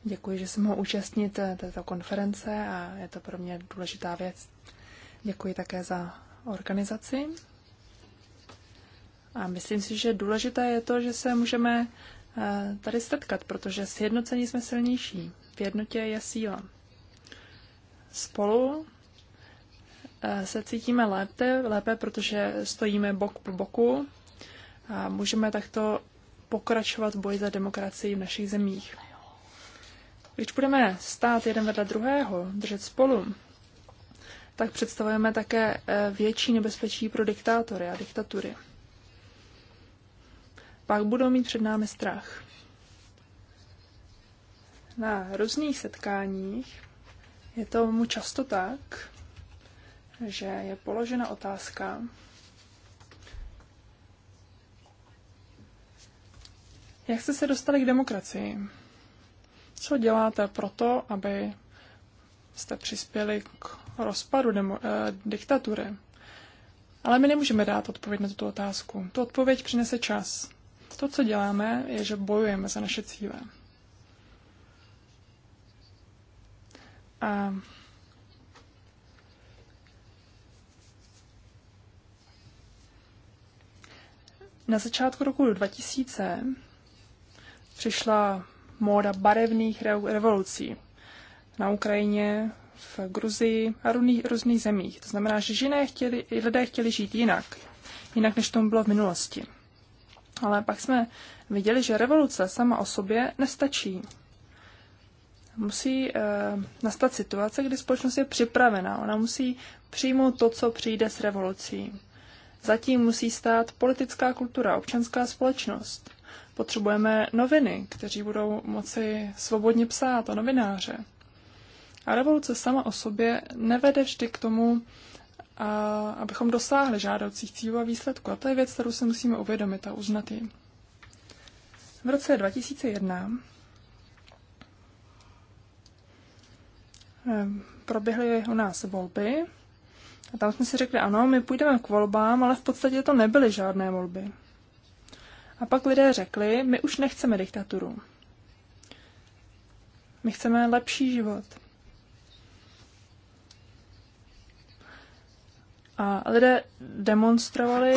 Děkuji, že jsem mohl účastnit eh, této konference a je to pro mě důležitá věc. Děkuji také za organizaci. A myslím si, že důležité je to, že se můžeme eh, tady setkat, protože sjednocení jsme silnější. V jednotě je síla. Spolu eh, se cítíme lépe, lépe protože stojíme bok po boku a můžeme takto pokračovat v boji za demokracii v našich zemích. Když budeme stát jeden vedle druhého, držet spolu, tak představujeme také eh, větší nebezpečí pro diktátory a diktatury. Pak budou mít před námi strach. Na různých setkáních je tomu často tak, že je položena otázka, Jak jste se dostali k demokracii? Co děláte to, aby jste přispěli k rozpadu demo, eh, diktatury? Ale my nemůžeme dát odpověď na tuto otázku. Tu odpověď přinese čas. To, co děláme, je, že bojujeme za naše cíle. A na začátku roku 2000 přišla móda barevných revolucí na Ukrajině, v Gruzii a různých, různých zemích. To znamená, že žiné chtěli, lidé chtěli žít jinak, jinak než tomu bylo v minulosti. Ale pak jsme viděli, že revoluce sama o sobě nestačí. Musí e, nastat situace, kdy společnost je připravená. Ona musí přijmout to, co přijde s revolucí. Zatím musí stát politická kultura, občanská společnost. Potřebujeme noviny, kteří budou moci svobodně psát a novináře. A revoluce sama o sobě nevede vždy k tomu, a abychom dosáhli žádoucích cílů a výsledků. A to je věc, kterou si musíme uvědomit a uznat ji. V roce 2001 proběhly u nás volby a tam jsme si řekli, ano, my půjdeme k volbám, ale v podstatě to nebyly žádné volby. A pak lidé řekli, my už nechceme diktaturu. My chceme lepší život. A lidé demonstrovali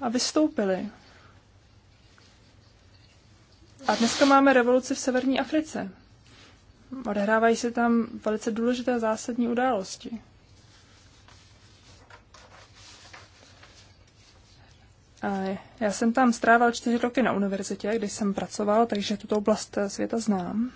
a vystoupili. A dneska máme revoluci v severní Africe. Odehrávají se tam velice důležité zásadní události. Já jsem tam strávil čtyři roky na univerzitě, když jsem pracoval, takže tuto oblast světa znám.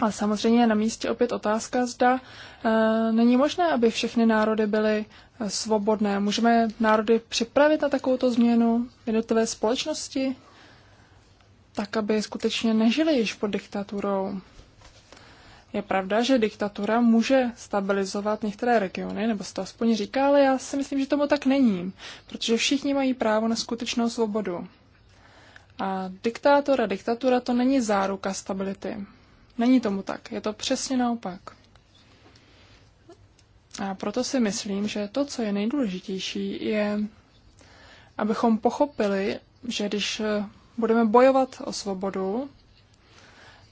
A samozřejmě je na místě opět otázka, zda e, není možné, aby všechny národy byly e, svobodné. Můžeme národy připravit na takovouto změnu jednotlivé společnosti, tak aby skutečně nežili již pod diktaturou. Je pravda, že diktatura může stabilizovat některé regiony, nebo se to aspoň říká, ale já si myslím, že tomu tak není, protože všichni mají právo na skutečnou svobodu. A diktátor a diktatura to není záruka stability. Není tomu tak, je to přesně naopak. A proto si myslím, že to, co je nejdůležitější, je, abychom pochopili, že když budeme bojovat o svobodu,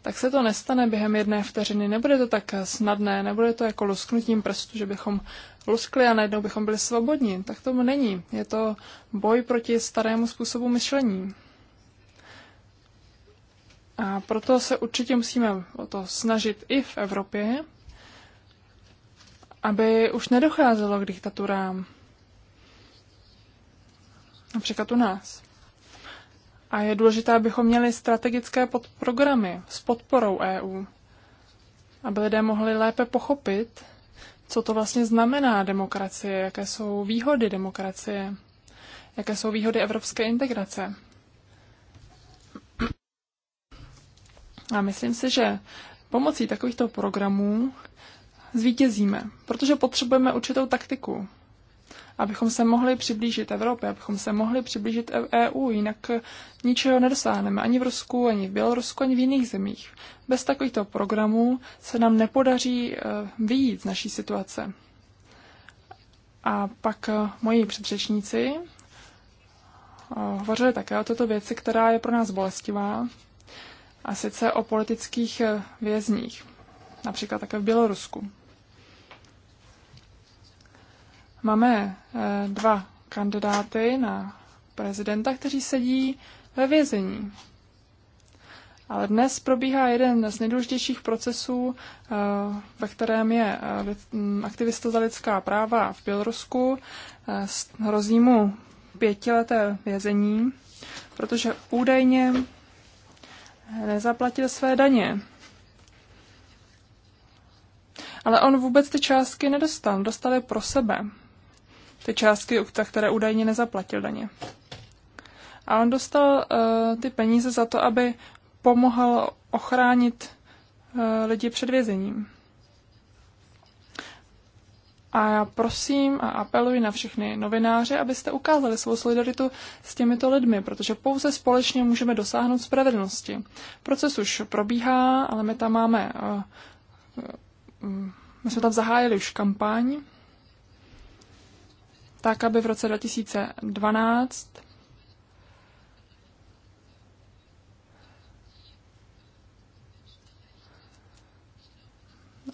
tak se to nestane během jedné vteřiny. Nebude to tak snadné, nebude to jako lusknutím prstu, že bychom luskli a najednou bychom byli svobodní. Tak tomu není. Je to boj proti starému způsobu myšlení. A proto se určitě musíme o to snažit i v Evropě, aby už nedocházelo k diktaturám. Například u nás. A je důležité, abychom měli strategické podprogramy s podporou EU, aby lidé mohli lépe pochopit, co to vlastně znamená demokracie, jaké jsou výhody demokracie, jaké jsou výhody evropské integrace. A myslím si, že pomocí takovýchto programů zvítězíme, protože potřebujeme určitou taktiku abychom se mohli přiblížit Evropě, abychom se mohli přiblížit EU, e jinak ničeho nedosáhneme ani v Rusku, ani v Bělorusku, ani v jiných zemích. Bez takovýchto programů se nám nepodaří e, vyjít z naší situace. A pak e, moji předřečníci hovořili také o této věci, která je pro nás bolestivá, a sice o politických vězních, například také v Bělorusku. Máme eh, dva kandidáty na prezidenta, kteří sedí ve vězení. Ale dnes probíhá jeden z nejdůležitějších procesů, eh, ve kterém je eh, mm, aktivista za lidská práva v Bělorusku. Hrozí mu pětileté vězení, protože údajně nezaplatil své daně. Ale on vůbec ty částky nedostal, dostal je pro sebe ty částky, za které údajně nezaplatil daně. A on dostal uh, ty peníze za to, aby pomohl ochránit uh, lidi před vězením. A já prosím a apeluji na všechny novináře, abyste ukázali svou solidaritu s těmito lidmi, protože pouze společně můžeme dosáhnout spravedlnosti. Proces už probíhá, ale my tam máme. Uh, uh, my jsme tam zahájili už kampaň tak aby v roce 2012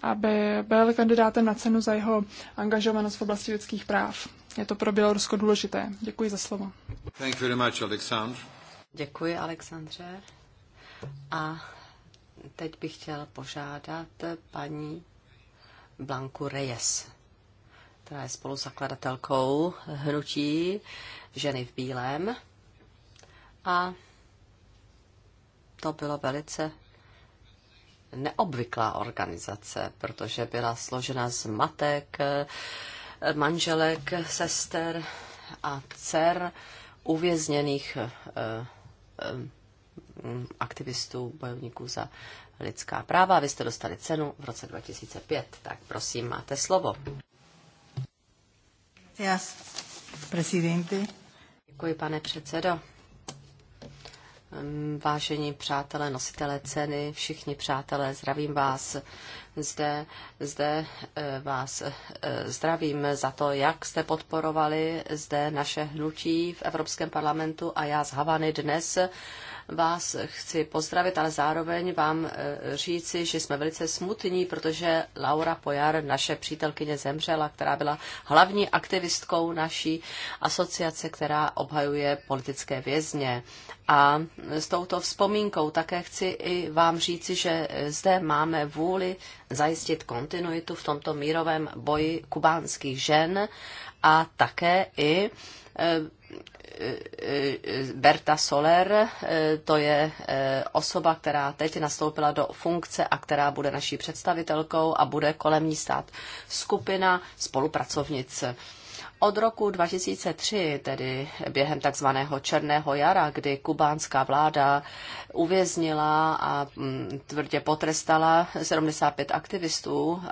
aby byl kandidátem na cenu za jeho angažovanost v oblasti lidských práv. Je to pro Bělorusko důležité. Děkuji za slovo. Thank you very much, Alexandr. Děkuji, Alexandře. A teď bych chtěl požádat paní Blanku Reyes která je spoluzakladatelkou hnutí Ženy v bílém. A to bylo velice neobvyklá organizace, protože byla složena z matek, manželek, sester a dcer uvězněných eh, eh, aktivistů, bojovníků za lidská práva. Vy jste dostali cenu v roce 2005, tak prosím, máte slovo. Yes, presidente. Děkuji, pane předsedo. Ehm, vážení přátelé, nositelé ceny, všichni přátelé, zdravím vás zde, zde eh, vás eh, zdravím za to, jak jste podporovali zde naše hnutí v Evropském parlamentu a já z Havany dnes vás chci pozdravit, ale zároveň vám eh, říci, že jsme velice smutní, protože Laura Pojar, naše přítelkyně, zemřela, která byla hlavní aktivistkou naší asociace, která obhajuje politické vězně. A s touto vzpomínkou také chci i vám říci, že zde máme vůli zajistit kontinuitu v tomto mírovém boji kubánských žen a také i eh, Berta Soler, eh, to je eh, osoba, která teď nastoupila do funkce a která bude naší představitelkou a bude kolem ní stát skupina spolupracovnic od roku 2003, tedy během takzvaného Černého jara, kdy kubánská vláda uvěznila a mm, tvrdě potrestala 75 aktivistů, eh,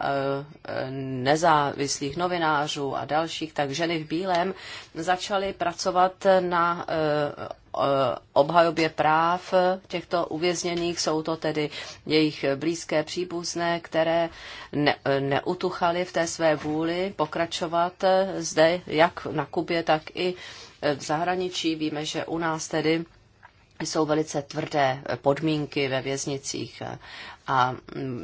nezávislých novinářů a dalších, tak ženy v bílém začaly pracovat na eh, Eh, obhajobě práv těchto uvězněných. Jsou to tedy jejich blízké příbuzné, které ne, eh, neutuchali v té své vůli pokračovat eh, zde, jak na Kubě, tak i v zahraničí. Víme, že u nás tedy jsou velice tvrdé podmínky ve věznicích a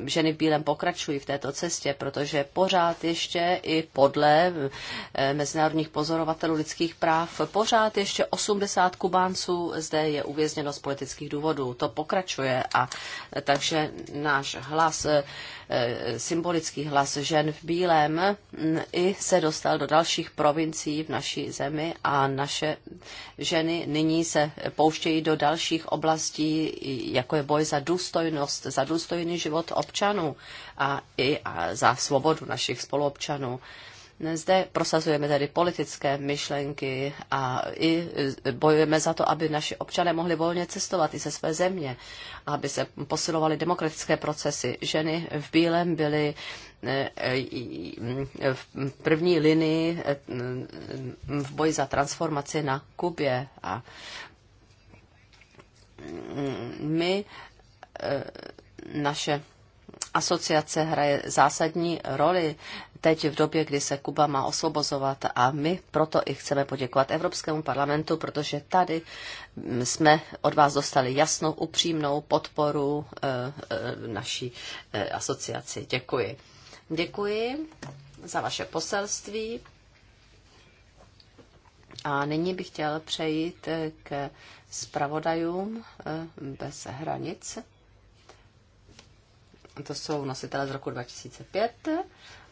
ženy v bílém pokračují v této cestě, protože pořád ještě i podle eh, mezinárodních pozorovatelů lidských práv, pořád ještě 80 Kubánců zde je uvězněno z politických důvodů. To pokračuje a eh, takže náš hlas, eh, symbolický hlas žen v bílém mm, i se dostal do dalších provincií v naší zemi a naše ženy nyní se pouštějí do dalších oblastí, jako je boj za důstojnost, za důstojnost důstojný život občanů a i za svobodu našich spoluobčanů. Zde prosazujeme tedy politické myšlenky a i e, bojujeme za to, aby naši občané mohli volně cestovat i ze své země, aby se posilovaly demokratické procesy. Ženy v bílém byly e, e, v první linii v boji za transformaci na Kubě a my naše asociace hraje zásadní roli teď v době, kdy se Kuba má osvobozovat a my proto i chceme poděkovat Evropskému parlamentu, protože tady mm, jsme od vás dostali jasnou, upřímnou podporu eh, eh, naší eh, asociaci. Děkuji. Děkuji za vaše poselství. A nyní bych chtěl přejít k zpravodajům bez hranic to jsou nositele z roku 2005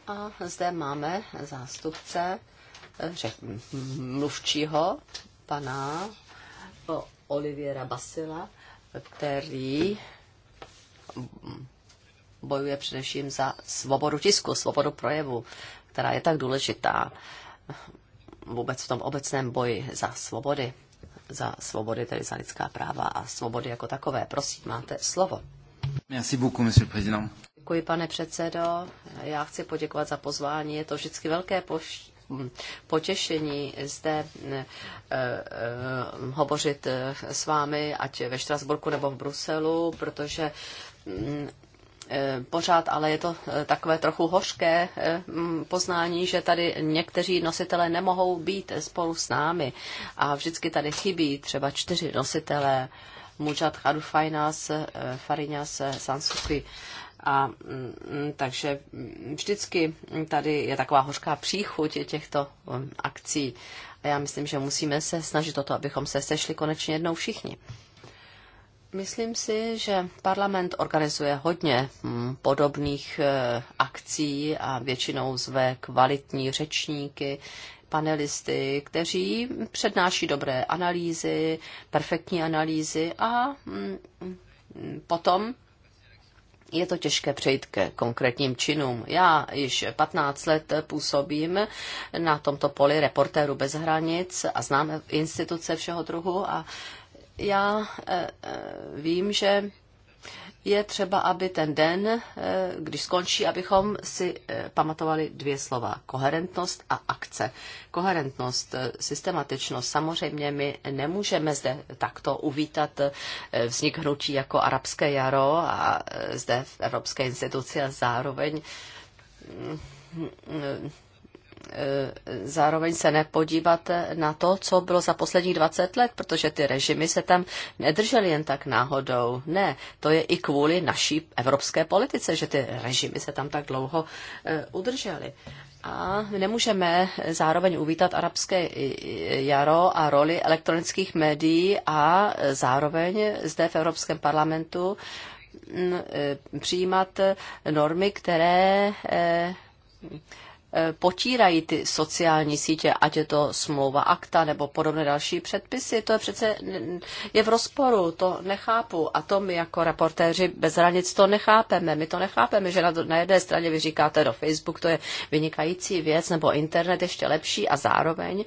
a zde máme zástupce eh, řek, mluvčího pana eh, Oliviera Basila, který mm, bojuje především za svobodu tisku, svobodu projevu, která je tak důležitá eh, vůbec v tom obecném boji za svobody, za svobody, tedy za lidská práva a svobody jako takové. Prosím, máte slovo. Merci beaucoup, monsieur le président. Děkuji, pane předsedo. Já chci poděkovat za pozvání. Je to vždycky velké poš- potěšení zde eh, eh, hovořit eh, s vámi, ať ve Štrasburku nebo v Bruselu, protože mm, pořád, ale je to takové trochu hořké mm, poznání, že tady někteří nositelé nemohou být spolu s námi a vždycky tady chybí třeba čtyři nositelé Mujad Harufajnas, eh, Farinas Sansuki. A mm, takže vždycky tady je taková hořká příchuť těchto um, akcí. A já myslím, že musíme se snažit o to, abychom se sešli konečně jednou všichni. Myslím si, že parlament organizuje hodně mm, podobných eh, akcí a většinou zve kvalitní řečníky, panelisty, kteří přednáší dobré analýzy, perfektní analýzy a mm, potom je to těžké přejít ke konkrétním činům. Já již 15 let působím na tomto poli reportéru bez hranic a znám instituce všeho druhu a já eh, eh, vím, že je třeba, aby ten den, eh, když skončí, abychom si eh, pamatovali dvě slova. Koherentnost a akce. Koherentnost, eh, systematičnost. Samozřejmě my nemůžeme zde takto uvítat vznik hnutí jako arabské jaro a zde v Evropské instituci a zároveň mm, mm, zároveň se nepodívat na to, co bylo za posledních 20 let, protože ty režimy se tam nedržely jen tak náhodou. Ne, to je i kvůli naší evropské politice, že ty režimy se tam tak dlouho eh, udržely. A nemůžeme zároveň uvítat arabské jaro a roli elektronických médií a zároveň zde v Evropském parlamentu mm, eh, přijímat normy, které eh, potírají ty sociální sítě, ať je to smlouva akta nebo podobné další předpisy. To je přece je v rozporu, to nechápu. A to my jako reportéři bez hranic to nechápeme. My to nechápeme, že na, na jedné straně vy říkáte do no, Facebook, to je vynikající věc, nebo internet ještě lepší a zároveň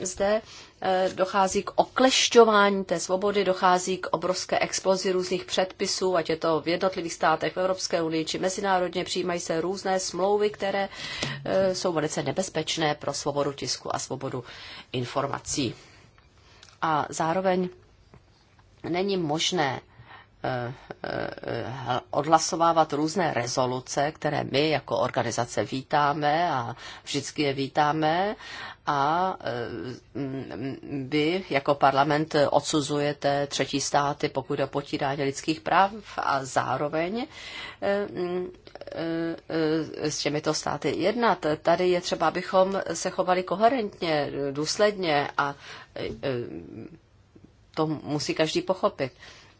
zde Eh, dochází k oklešťování té svobody, dochází k obrovské explozi různých předpisů, ať je to v jednotlivých státech, v Evropské unii či mezinárodně, přijímají se různé smlouvy, které eh, jsou velice nebezpečné pro svobodu tisku a svobodu informací. A zároveň není možné odhlasovávat různé rezoluce, které my jako organizace vítáme a vždycky je vítáme a mm, vy jako parlament odsuzujete třetí státy, pokud je potírání lidských práv a zároveň eh, mm, eh, s těmito státy jednat. Tady je třeba, abychom se chovali koherentně, důsledně a eh, to musí každý pochopit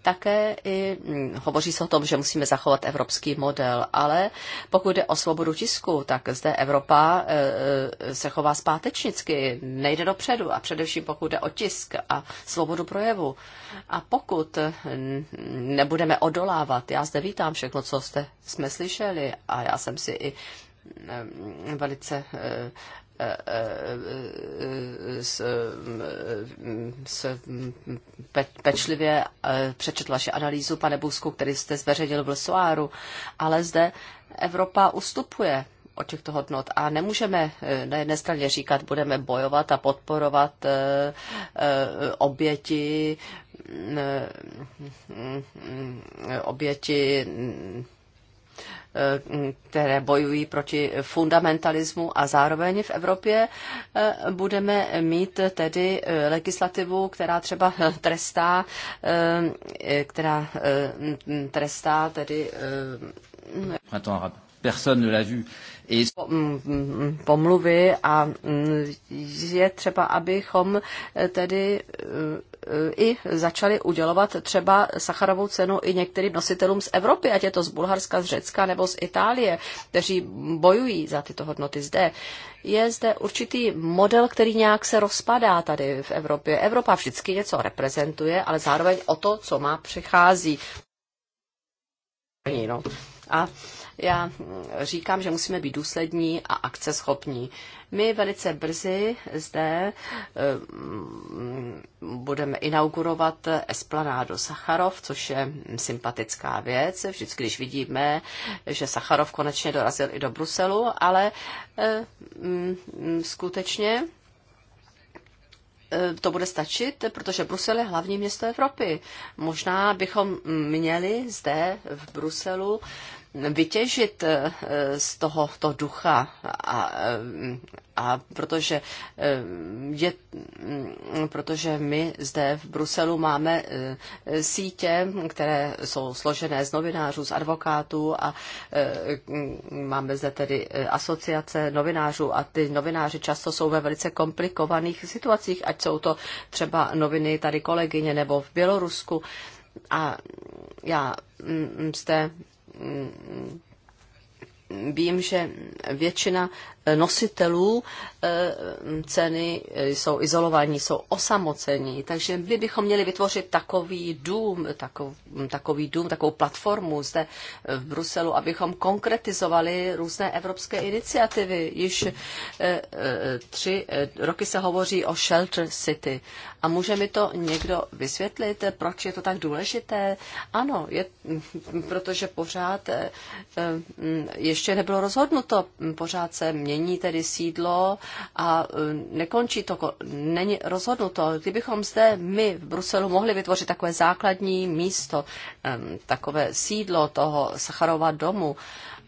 také i, hm, hovoří se o tom, že musíme zachovat evropský model, ale pokud jde o svobodu tisku, tak zde Evropa e, e, se chová zpátečnicky, nejde dopředu a především pokud jde o tisk a svobodu projevu. A pokud hm, nebudeme odolávat, já zde vítám všechno, co jste, jsme slyšeli a já jsem si i hm, velice e, s, s, pe, pečlivě eh, přečetl vaši analýzu, pane Busku, který jste zveřejnil v Lesoáru, ale zde Evropa ustupuje od těchto hodnot. A nemůžeme eh, na jedné straně říkat, budeme bojovat a podporovat eh, oběti, mm, mm, oběti Eh, které bojují proti fundamentalismu a zároveň v Evropě eh, budeme mít tedy eh, legislativu, která třeba trestá, která trestá tedy personne ne l'a vu. Et... Pomluvy a je třeba, abychom tedy i začali udělovat třeba Sacharovou cenu i některým nositelům z Evropy, ať je to z Bulharska, z Řecka nebo z Itálie, kteří bojují za tyto hodnoty zde. Je zde určitý model, který nějak se rozpadá tady v Evropě. Evropa vždycky něco reprezentuje, ale zároveň o to, co má, přichází. No. A já říkám, že musíme být důslední a akceschopní. My velice brzy zde eh, budeme inaugurovat Esplanádu Sacharov, což je sympatická věc. Vždycky, když vidíme, že Sacharov konečně dorazil i do Bruselu, ale eh, mm, skutečně eh, to bude stačit, protože Brusel je hlavní město Evropy. Možná bychom měli zde v Bruselu vytěžit eh, z tohoto ducha a, eh, a protože, eh, je, mm, protože my zde v Bruselu máme sítě, které jsou složené z novinářů, z advokátů a máme zde tedy asociace novinářů a ty novináři často jsou ve velice komplikovaných situacích, ať jsou to třeba noviny tady kolegyně nebo v Bělorusku. A já mm, zde mm, mm vím, že většina eh, nositelů eh, ceny eh, jsou izolovaní, jsou osamocení, takže my bychom měli vytvořit takový dům, takov, takový dům, takovou platformu zde v Bruselu, abychom konkretizovali různé evropské iniciativy. Již tři roky se hovoří o Shelter City. A může mi to někdo vysvětlit, proč je to tak důležité? Ano, je, protože pořád je ještě nebylo rozhodnuto. Pořád se mění tedy sídlo a e, nekončí to, není rozhodnuto. Kdybychom zde my v Bruselu mohli vytvořit takové základní místo, takové sídlo toho Sacharova domu,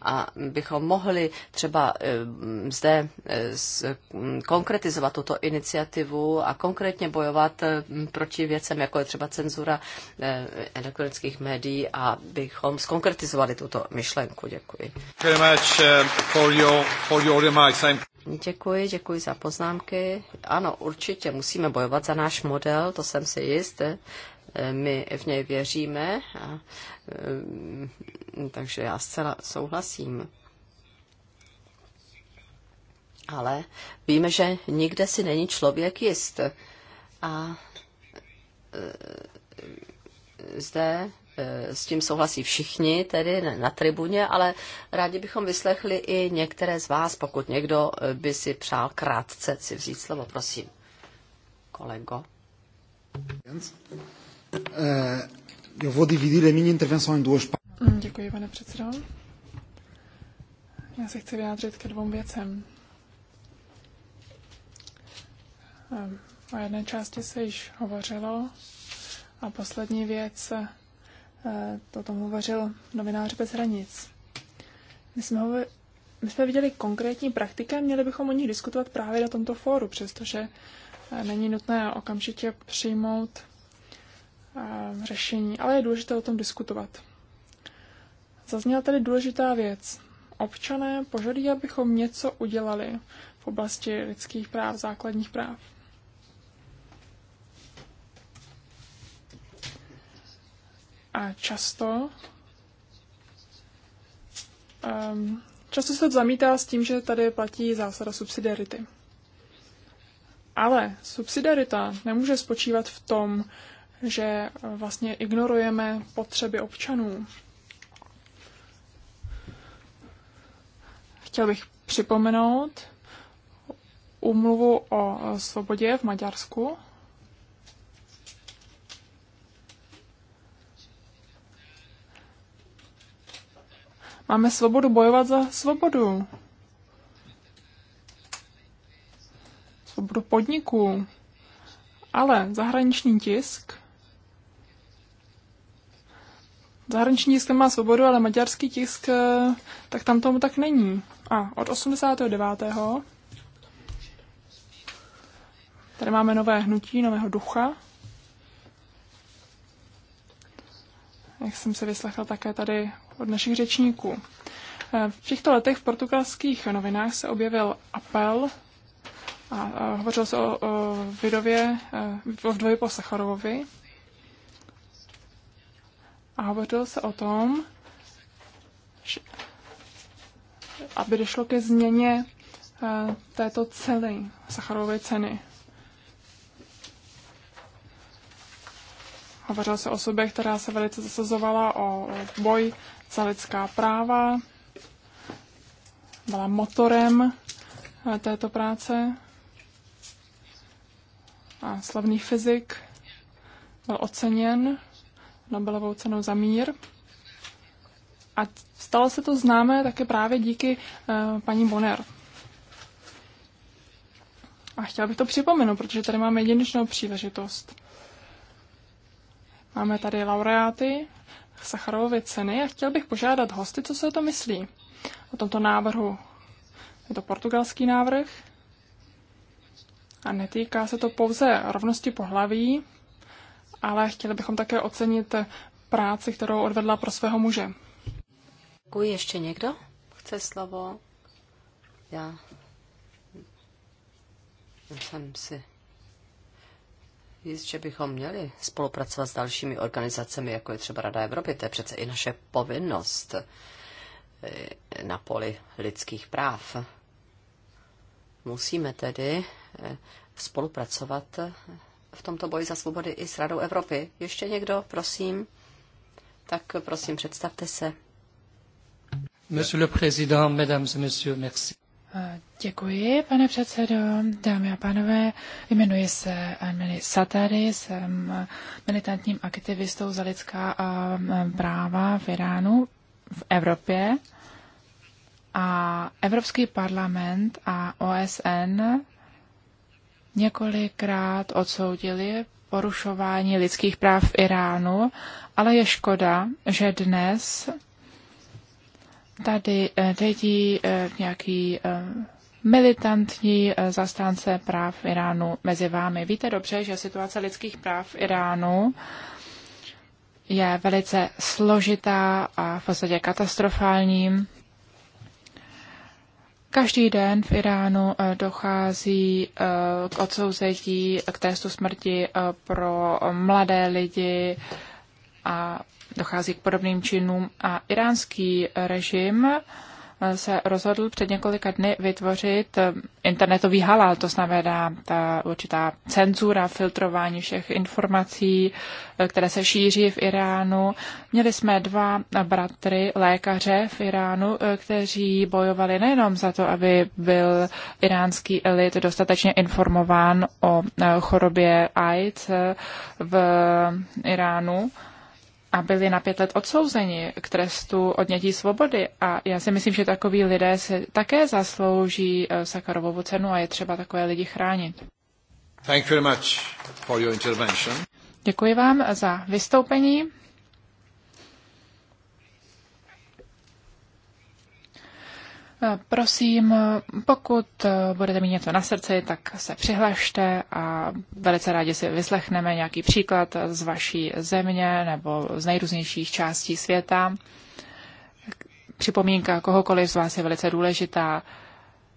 a bychom mohli třeba eh, zde eh, mm, konkretizovat tuto iniciativu a konkrétně bojovat eh, proti věcem, jako je třeba cenzura elektronických médií a bychom skonkretizovali tuto myšlenku. Děkuji. Děkuji, děkuji za poznámky. Ano, určitě musíme bojovat za náš model, to jsem si jist my v něj věříme, a, eh, takže já zcela souhlasím. Ale víme, že nikde si není člověk jist. A eh, zde eh, s tím souhlasí všichni, tedy na tribuně, ale rádi bychom vyslechli i některé z vás, pokud někdo by si přál krátce si vzít slovo, prosím. Kolego. Jens? Eh, eu vou dividir a minha intervenção em duas partes. Mm, děkuji, pane předsedo. Já se chci vyjádřit ke dvou věcem. Eh, o jedné části se již hovořilo a poslední věc, eh, to tomu hovořil novinář bez hranic. My jsme, hovo- my jsme viděli konkrétní praktiky a měli bychom o nich diskutovat právě na tomto fóru, přestože není nutné okamžitě přijmout Ehm, řešení, ale je důležité o tom diskutovat. Zazněla tady důležitá věc. Občané požadují, abychom něco udělali v oblasti lidských práv, základních práv. A často um, často se to zamítá s tím, že tady platí zásada subsidiarity. Ale subsidiarita nemůže spočívat v tom, že vlastně ignorujeme potřeby občanů. Chtěl bych připomenout umluvu o svobodě v Maďarsku. Máme svobodu bojovat za svobodu. Svobodu podniků. Ale zahraniční tisk zahraniční tisk má svobodu, ale maďarský tisk, eh, tak tam tomu tak není. A od 89. Tady máme nové hnutí, nového ducha. Jak jsem se vyslechla také tady od našich řečníků. Eh, v těchto letech v portugalských novinách se objevil apel a hovořil se o, o vidově, eh, o dvoji po Sacharovovi, a hovořilo se o tom, že aby došlo ke změně eh, této celé sacharové ceny. Hovořil se o sobě, která se velice zasazovala o boj za lidská práva, byla motorem eh, této práce a slavný fyzik byl oceněn Nobelovou cenu za mír. A stalo se to známé také právě díky eh, paní Bonner. A chtěla bych to připomenout, protože tady máme jedinečnou příležitost. Máme tady laureáty Sacharovovy ceny a chtěl bych požádat hosty, co se o to myslí. O tomto návrhu. Je to portugalský návrh a netýká se to pouze rovnosti pohlaví, ale chtěli bychom také ocenit práci, kterou odvedla pro svého muže. Děkuji. Ještě někdo chce slovo? Já jsem si jist, že bychom měli spolupracovat s dalšími organizacemi, jako je třeba Rada Evropy. To je přece i naše povinnost eh, na poli lidských práv. Musíme tedy eh, spolupracovat eh, v tomto boji za svobody i s Radou Evropy. Ještě někdo, prosím? Tak prosím, představte se. Monsieur le Président, Mesdames et Messieurs, merci. Eh, děkuji, pane předsedo, dámy a pánové. Jmenuji se Emily Satary, jsem militantním aktivistou za lidská eh, práva v Iránu, v Evropě. A Evropský parlament a OSN několikrát odsoudili porušování lidských práv v Iránu, ale je škoda, že dnes tady dedí eh, eh, nějaký eh, militantní zastánce práv v Iránu mezi vámi. Víte dobře, že situace lidských práv v Iránu je velice složitá a v podstatě katastrofální. Každý den v Iránu eh, dochází eh, k odsouzení, eh, k testu smrti pro mladé lidi a dochází k podobným činům. A iránský režim se rozhodl před několika dny vytvořit eh, internetový halal, to znamená ta určitá cenzura, filtrování všech informací, eh, které se šíří v Iránu. Měli jsme dva bratry, lékaře v Iránu, eh, kteří bojovali nejenom za to, aby byl iránský elit dostatečně informován o chorobě AIDS v Iránu, a byli na pět let odsouzeni k trestu odnětí svobody. A já si myslím, že takoví lidé se také zaslouží eh, Sakarovovu cenu a je třeba takové lidi chránit. Thank you very much for your intervention. Děkuji vám za vystoupení. Prosím, pokud budete mít něco na srdci, tak se přihlašte a velice rádi si vyslechneme nějaký příklad z vaší země nebo z nejrůznějších částí světa. Připomínka kohokoliv z vás je velice důležitá.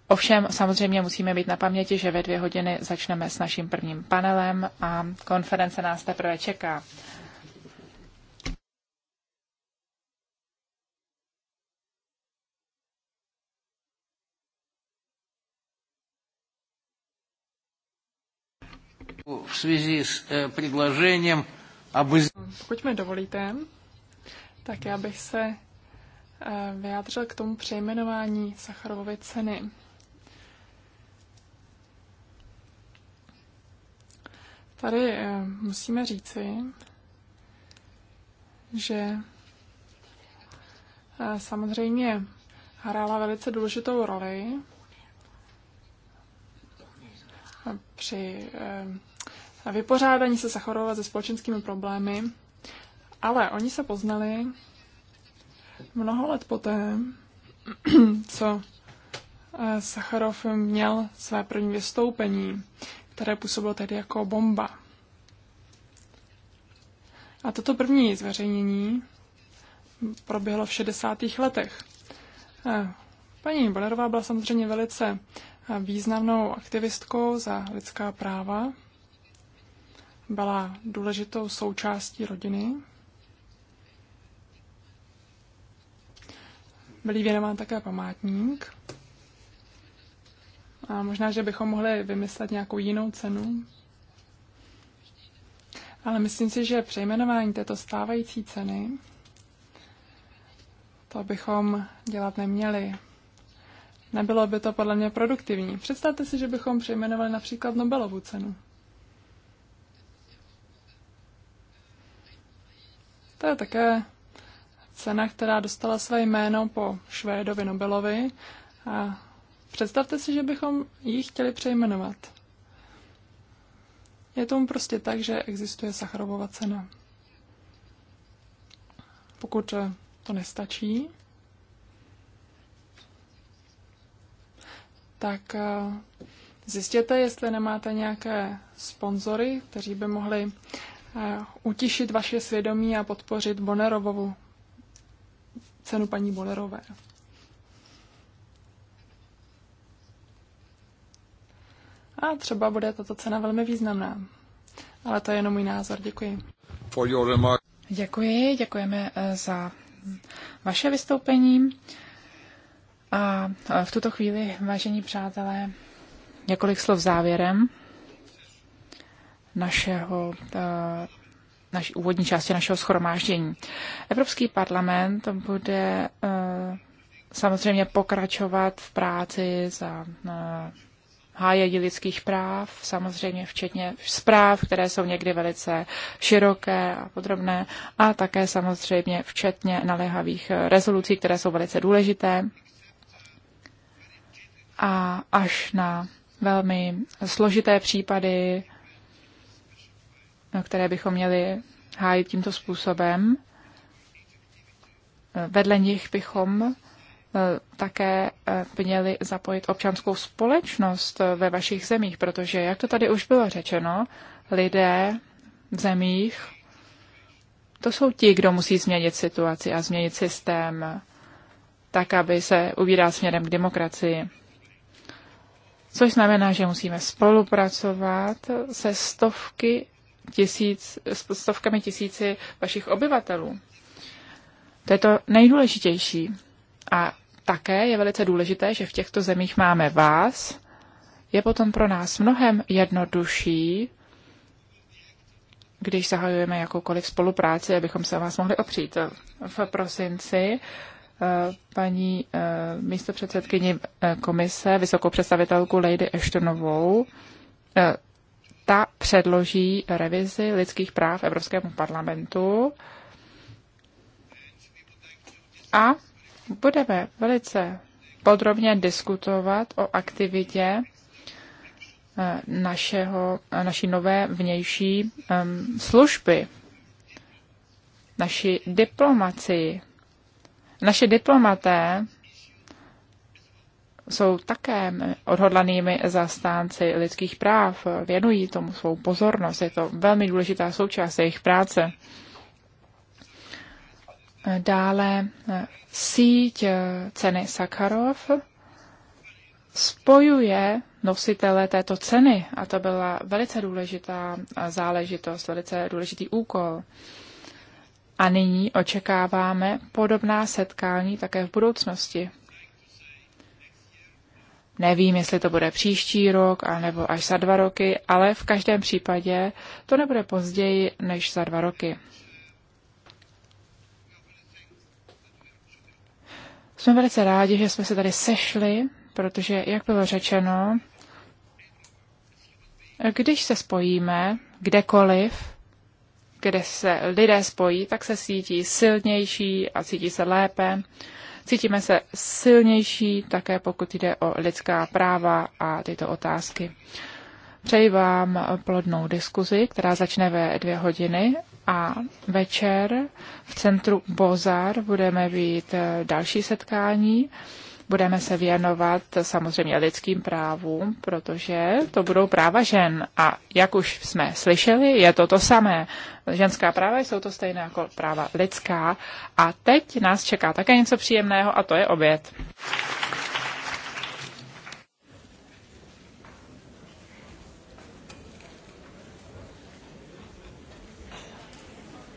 Ovšem samozřejmě musíme být na paměti, že ve dvě hodiny začneme s naším prvním panelem a konference nás teprve čeká. V s předložením aby... Pokud mi dovolíte, tak já bych se eh, vyjádřil k tomu přejmenování Sacharovovy ceny. Tady eh, musíme říci, že eh, samozřejmě hrála velice důležitou roli při eh, vypořádání se Sacharova se společenskými problémy, ale oni se poznali mnoho let poté, co eh, Sacharov měl své první vystoupení, které působilo tedy jako bomba. A toto první zveřejnění proběhlo v 60. letech. Eh, paní Bolerová byla samozřejmě velice významnou aktivistkou za lidská práva. Byla důležitou součástí rodiny. Byl věnován také památník. A možná, že bychom mohli vymyslet nějakou jinou cenu. Ale myslím si, že přejmenování této stávající ceny, to bychom dělat neměli. Nebylo by to podle mě produktivní. Představte si, že bychom přejmenovali například Nobelovu cenu. To je také cena, která dostala své jméno po Švédovi Nobelovi. A představte si, že bychom ji chtěli přejmenovat. Je tomu prostě tak, že existuje Sacharovova cena. Pokud to nestačí, tak eh, zjistěte, jestli nemáte nějaké sponzory, kteří by mohli eh, utišit vaše svědomí a podpořit Bonerovovu cenu paní Bonerové. A třeba bude tato cena velmi významná. Ale to je jenom můj názor. Děkuji. Děkuji, děkujeme eh, za vaše vystoupení. A v tuto chvíli, vážení přátelé, několik slov závěrem našeho, naší úvodní části našeho schromáždění. Evropský parlament bude samozřejmě pokračovat v práci za hájení lidských práv, samozřejmě včetně zpráv, které jsou někdy velice široké a podrobné, a také samozřejmě včetně naléhavých rezolucí, které jsou velice důležité a až na velmi složité případy, no, které bychom měli hájit tímto způsobem. Vedle nich bychom eh, také eh, měli zapojit občanskou společnost eh, ve vašich zemích, protože, jak to tady už bylo řečeno, lidé v zemích, to jsou ti, kdo musí změnit situaci a změnit systém tak, aby se uvídal směrem k demokracii což znamená, že musíme spolupracovat se stovky tisíc, s stovkami tisíci vašich obyvatelů. To je to nejdůležitější. A také je velice důležité, že v těchto zemích máme vás. Je potom pro nás mnohem jednodušší, když zahajujeme jakoukoliv spolupráci, abychom se vás mohli opřít. V prosinci paní eh, místopředsedkyni eh, komise, vysokou představitelku Lady Ashtonovou. Eh, ta předloží revizi lidských práv Evropskému parlamentu a budeme velice podrobně diskutovat o aktivitě našeho, naší nové vnější služby, naší diplomacii naše diplomaté jsou také odhodlanými zastánci lidských práv, věnují tomu svou pozornost, je to velmi důležitá součást jejich práce. Dále eh, síť eh, ceny Sakharov spojuje nositele této ceny a to byla velice důležitá záležitost, velice důležitý úkol a nyní očekáváme podobná setkání také v budoucnosti. Nevím, jestli to bude příští rok, anebo až za dva roky, ale v každém případě to nebude později než za dva roky. Jsme velice rádi, že jsme se tady sešli, protože, jak bylo řečeno, když se spojíme kdekoliv, kde se lidé spojí, tak se cítí silnější a cítí se lépe. Cítíme se silnější také pokud jde o lidská práva a tyto otázky. Přeji vám plodnou diskuzi, která začne ve dvě hodiny a večer v centru Bozar budeme být další setkání Budeme se věnovat samozřejmě lidským právům, protože to budou práva žen. A jak už jsme slyšeli, je to to samé. Ženská práva jsou to stejné jako práva lidská. A teď nás čeká také něco příjemného a to je oběd.